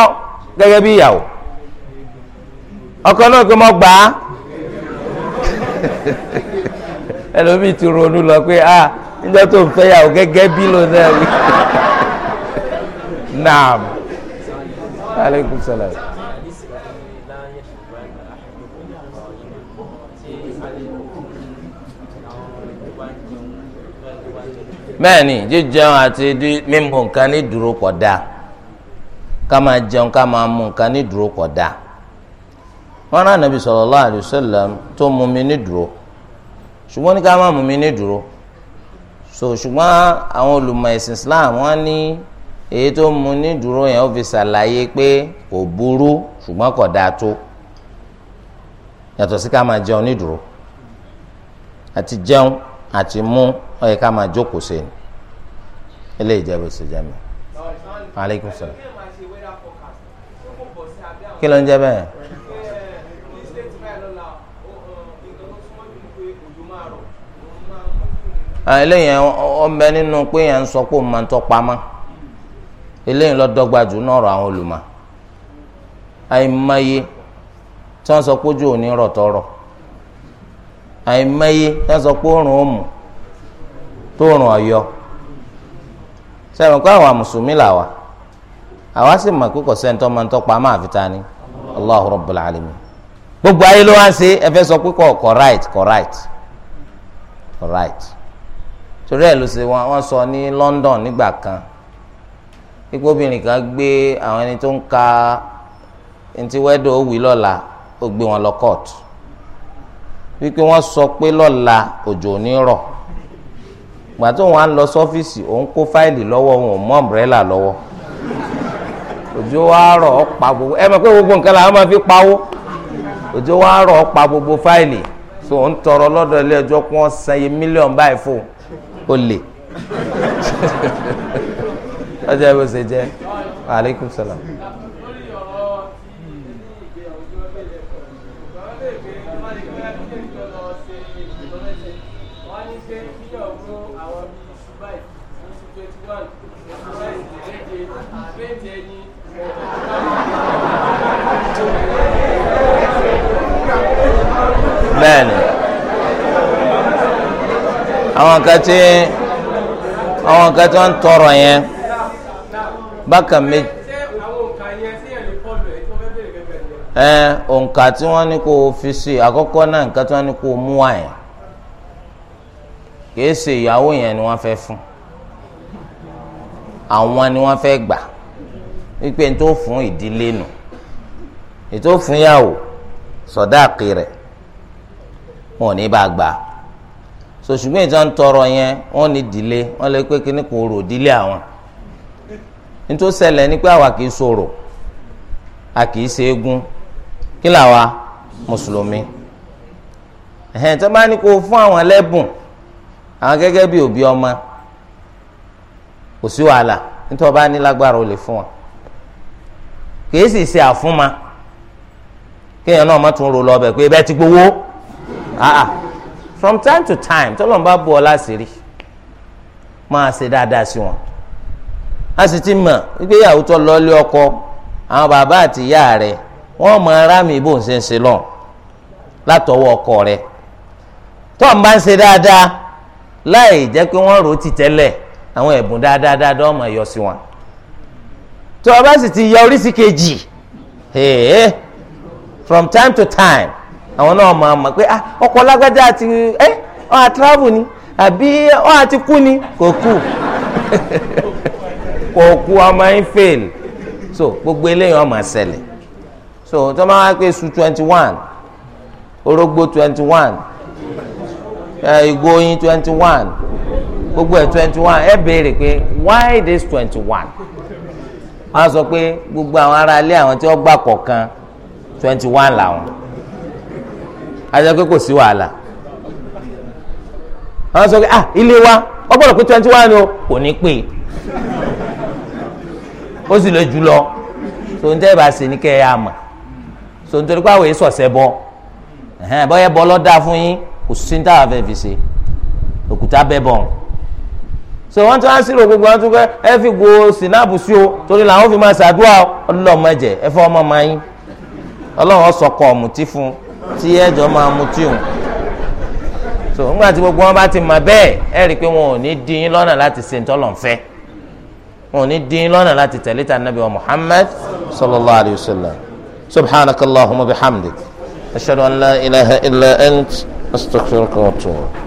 gẹ́gẹ́ bí ìyàwó ọkọ náà pé mo gbà á <laughs> ẹlòmíì ti ronú lọ pé a ah, níjọ́ tó ń fẹ́ ìyàwó gẹ́gẹ́ bí ló náà <laughs> naam aleykum bẹ́ẹ̀ ni jíjẹun àti mímu nǹkan ní dúró kọ̀ dáa ká máa jẹun ká máa mu nǹkan ní dúró kọ̀ dáa wọn rán anabi sallallahu alayhi wa sallam tó mú mi ní dúró ṣùgbọ́n ní ká má mú mi ní dúró so ṣùgbọ́n àwọn olùmọ̀ ẹ̀sìn Islam wọ́n ní èyí tó mú ní dúró yẹn ó fi ṣàlàyé pé kò burú ṣùgbọ́n kò dáa tó yàtọ̀ sí ká máa jẹun ní dúró àti jẹun àti mú ó yẹ ká máa jókòó sí ni ilé ìjẹ́bù sí jẹ́mi. aleykum salaam. kí ló ń jẹ́ bẹ́ẹ̀. eléyìí ọmọ nínú pé yẹn ń sọ pé òun máa ń tọ́ pamọ́ eléyìí lọ́dọ́gba jù náà rọ àwọn olùmọ̀ àìmọye tí wọ́n sọ pé ojú òní rọ̀ tọrọ àìmọye sọ pé òrùn ó mú tó òrùn ọ̀yọ́ sẹ́wọ̀n pé àwọn mùsùlùmí làwà àwa sì mọ̀ pé kò sẹ́ni tó máa ń tọ́pa máa fi ta ni Allahu Rabbul Alamin gbogbo ayé ló wá ń ṣe ẹ fẹ́ sọ pé kọ̀ kọ̀ right kọ̀ right kọ̀ right torí ẹ̀ ló ṣe wọn wọ́n sọ ní London nígbà kan ipò obìnrin kan gbé àwọn ẹni tó ń ka ntí wẹ́dọ̀ òwì lọ́la ó gbé wọn lọ kóòtù wípé wọ́n sọ pé lọ́la òjò ní rọ̀ gbà tó wọn á lọ sọ́fíìsì òun kó fáìlì lọ́wọ́ òun ò mú ọ̀mbrẹ́là lọ́wọ́ òjò wa rọ̀ ọ́ pa gbogbo ẹ mọ̀ pé gbogbo nǹkan làwọn máa fi pawó òjò wa rọ̀ ọ́ pa gbogbo fáìlì so òun tọrọ lọ́dọ̀ ilé ẹjọ́ kí wọ́n san iye mílíọ̀nù báyìí fún o lè ọjọ́ ìbùsùn jẹ́ aleykum salaam. náà ni àwọn kan tí àwọn kan tí wọ́n ń tọrọ yẹn bákan méjì ẹ tí wọ́n fi sí àkọ́kọ́ náà nǹkan tí wọ́n ní kó o mú yẹn kìí ṣe ni wọ́n fẹ́ fún àwọn ni wọ́n fẹ́ gbà wípé n tó fún ìdílé nù fún yàwó wọn ò ní bá gbà sòṣùgbọ́n ìjọ ń tọrọ yẹn wọ́n ní wọ́n kò rò dílé àwọn nítorí sẹlẹ̀ ni pé àwa kìí sọ̀rọ̀ a kìí ṣe eégún kí làwa mùsùlùmí ẹ̀hẹ́n tó bá ní kó fún àwọn lẹ́bùn àwọn gẹ́gẹ́ bí òbí ọmọ kò sí wàhálà nítorí ọba ní lágbára ò lè fún wọn kìí sì náà má tún ro lọ pé ti gbowó. Ah, ah from time to time tọ́lọ́n bá bu ọlá sí rí máa ṣe dáadáa sí wọn a sì ti mọ̀ ìgbéyàwó tó lọ́ọ́lé ọkọ àwọn bàbá àti ìyá rẹ̀ wọ́n mọ ara mi bó ń ṣe ń ṣe lọ́n látọwọ́ ọkọ rẹ̀ tọ́ ń bá ń ṣe dáadáa láì jẹ́ pé wọ́n rò ó ti tẹ́lẹ̀ àwọn ẹ̀bùn dáadáa dáadáa ọmọ ẹ̀yọ sí wọn tó o bá sì ti yọ oríṣi kejì hey, from time to time àwọn náà máa mọ̀ pé ah ọkọ lágbájá àti ẹ ọ à ni àbí ọ àti kú ni kò kú <laughs> kò kú ọmọ yín fail so gbogbo eléyìí ọmọ ṣẹlẹ̀ so tó máa wá pé su twenty one orógbó twenty one eh, ìgò twenty one gbogbo ẹ̀ twenty one ẹ béèrè pé why this twenty one wọ́n á sọ pé gbogbo àwọn ará ilé àwọn tí wọ́n gbà kọ̀ọ̀kan twenty one làwọn àti pé kò sí wàhálà sọ pé ah ilé wa ọ pé twenty o kò ní pè ó sì lè jù lọ tó ń tẹ́ bá ṣe ní kẹ́ ẹ àmọ̀ tó ń pé bọ́yẹ bọ́ lọ́dà fún yín kò sí ní táwọn afẹ́ fi òkúta bẹ́ so wọ́n tún gbogbo tún ẹ fi gbo sinapu o torí tí ẹjọ́ máa mutí òun so ńgbà tí gbogbo wọn bá ti mọ̀ bẹ́ẹ̀ ẹ rí i pé wọn ò ní dín in lọ́nà láti ṣe ntọ́lọ̀ ńfẹ́ wọn ò ní dín in lọ́nà láti tẹ̀lé ta nabi wa muhammad sallallahu alayhi wa sallam subhanakallahumma bihamdik ashhadu an la ilaha illa ant astaghfiruka wa atubu.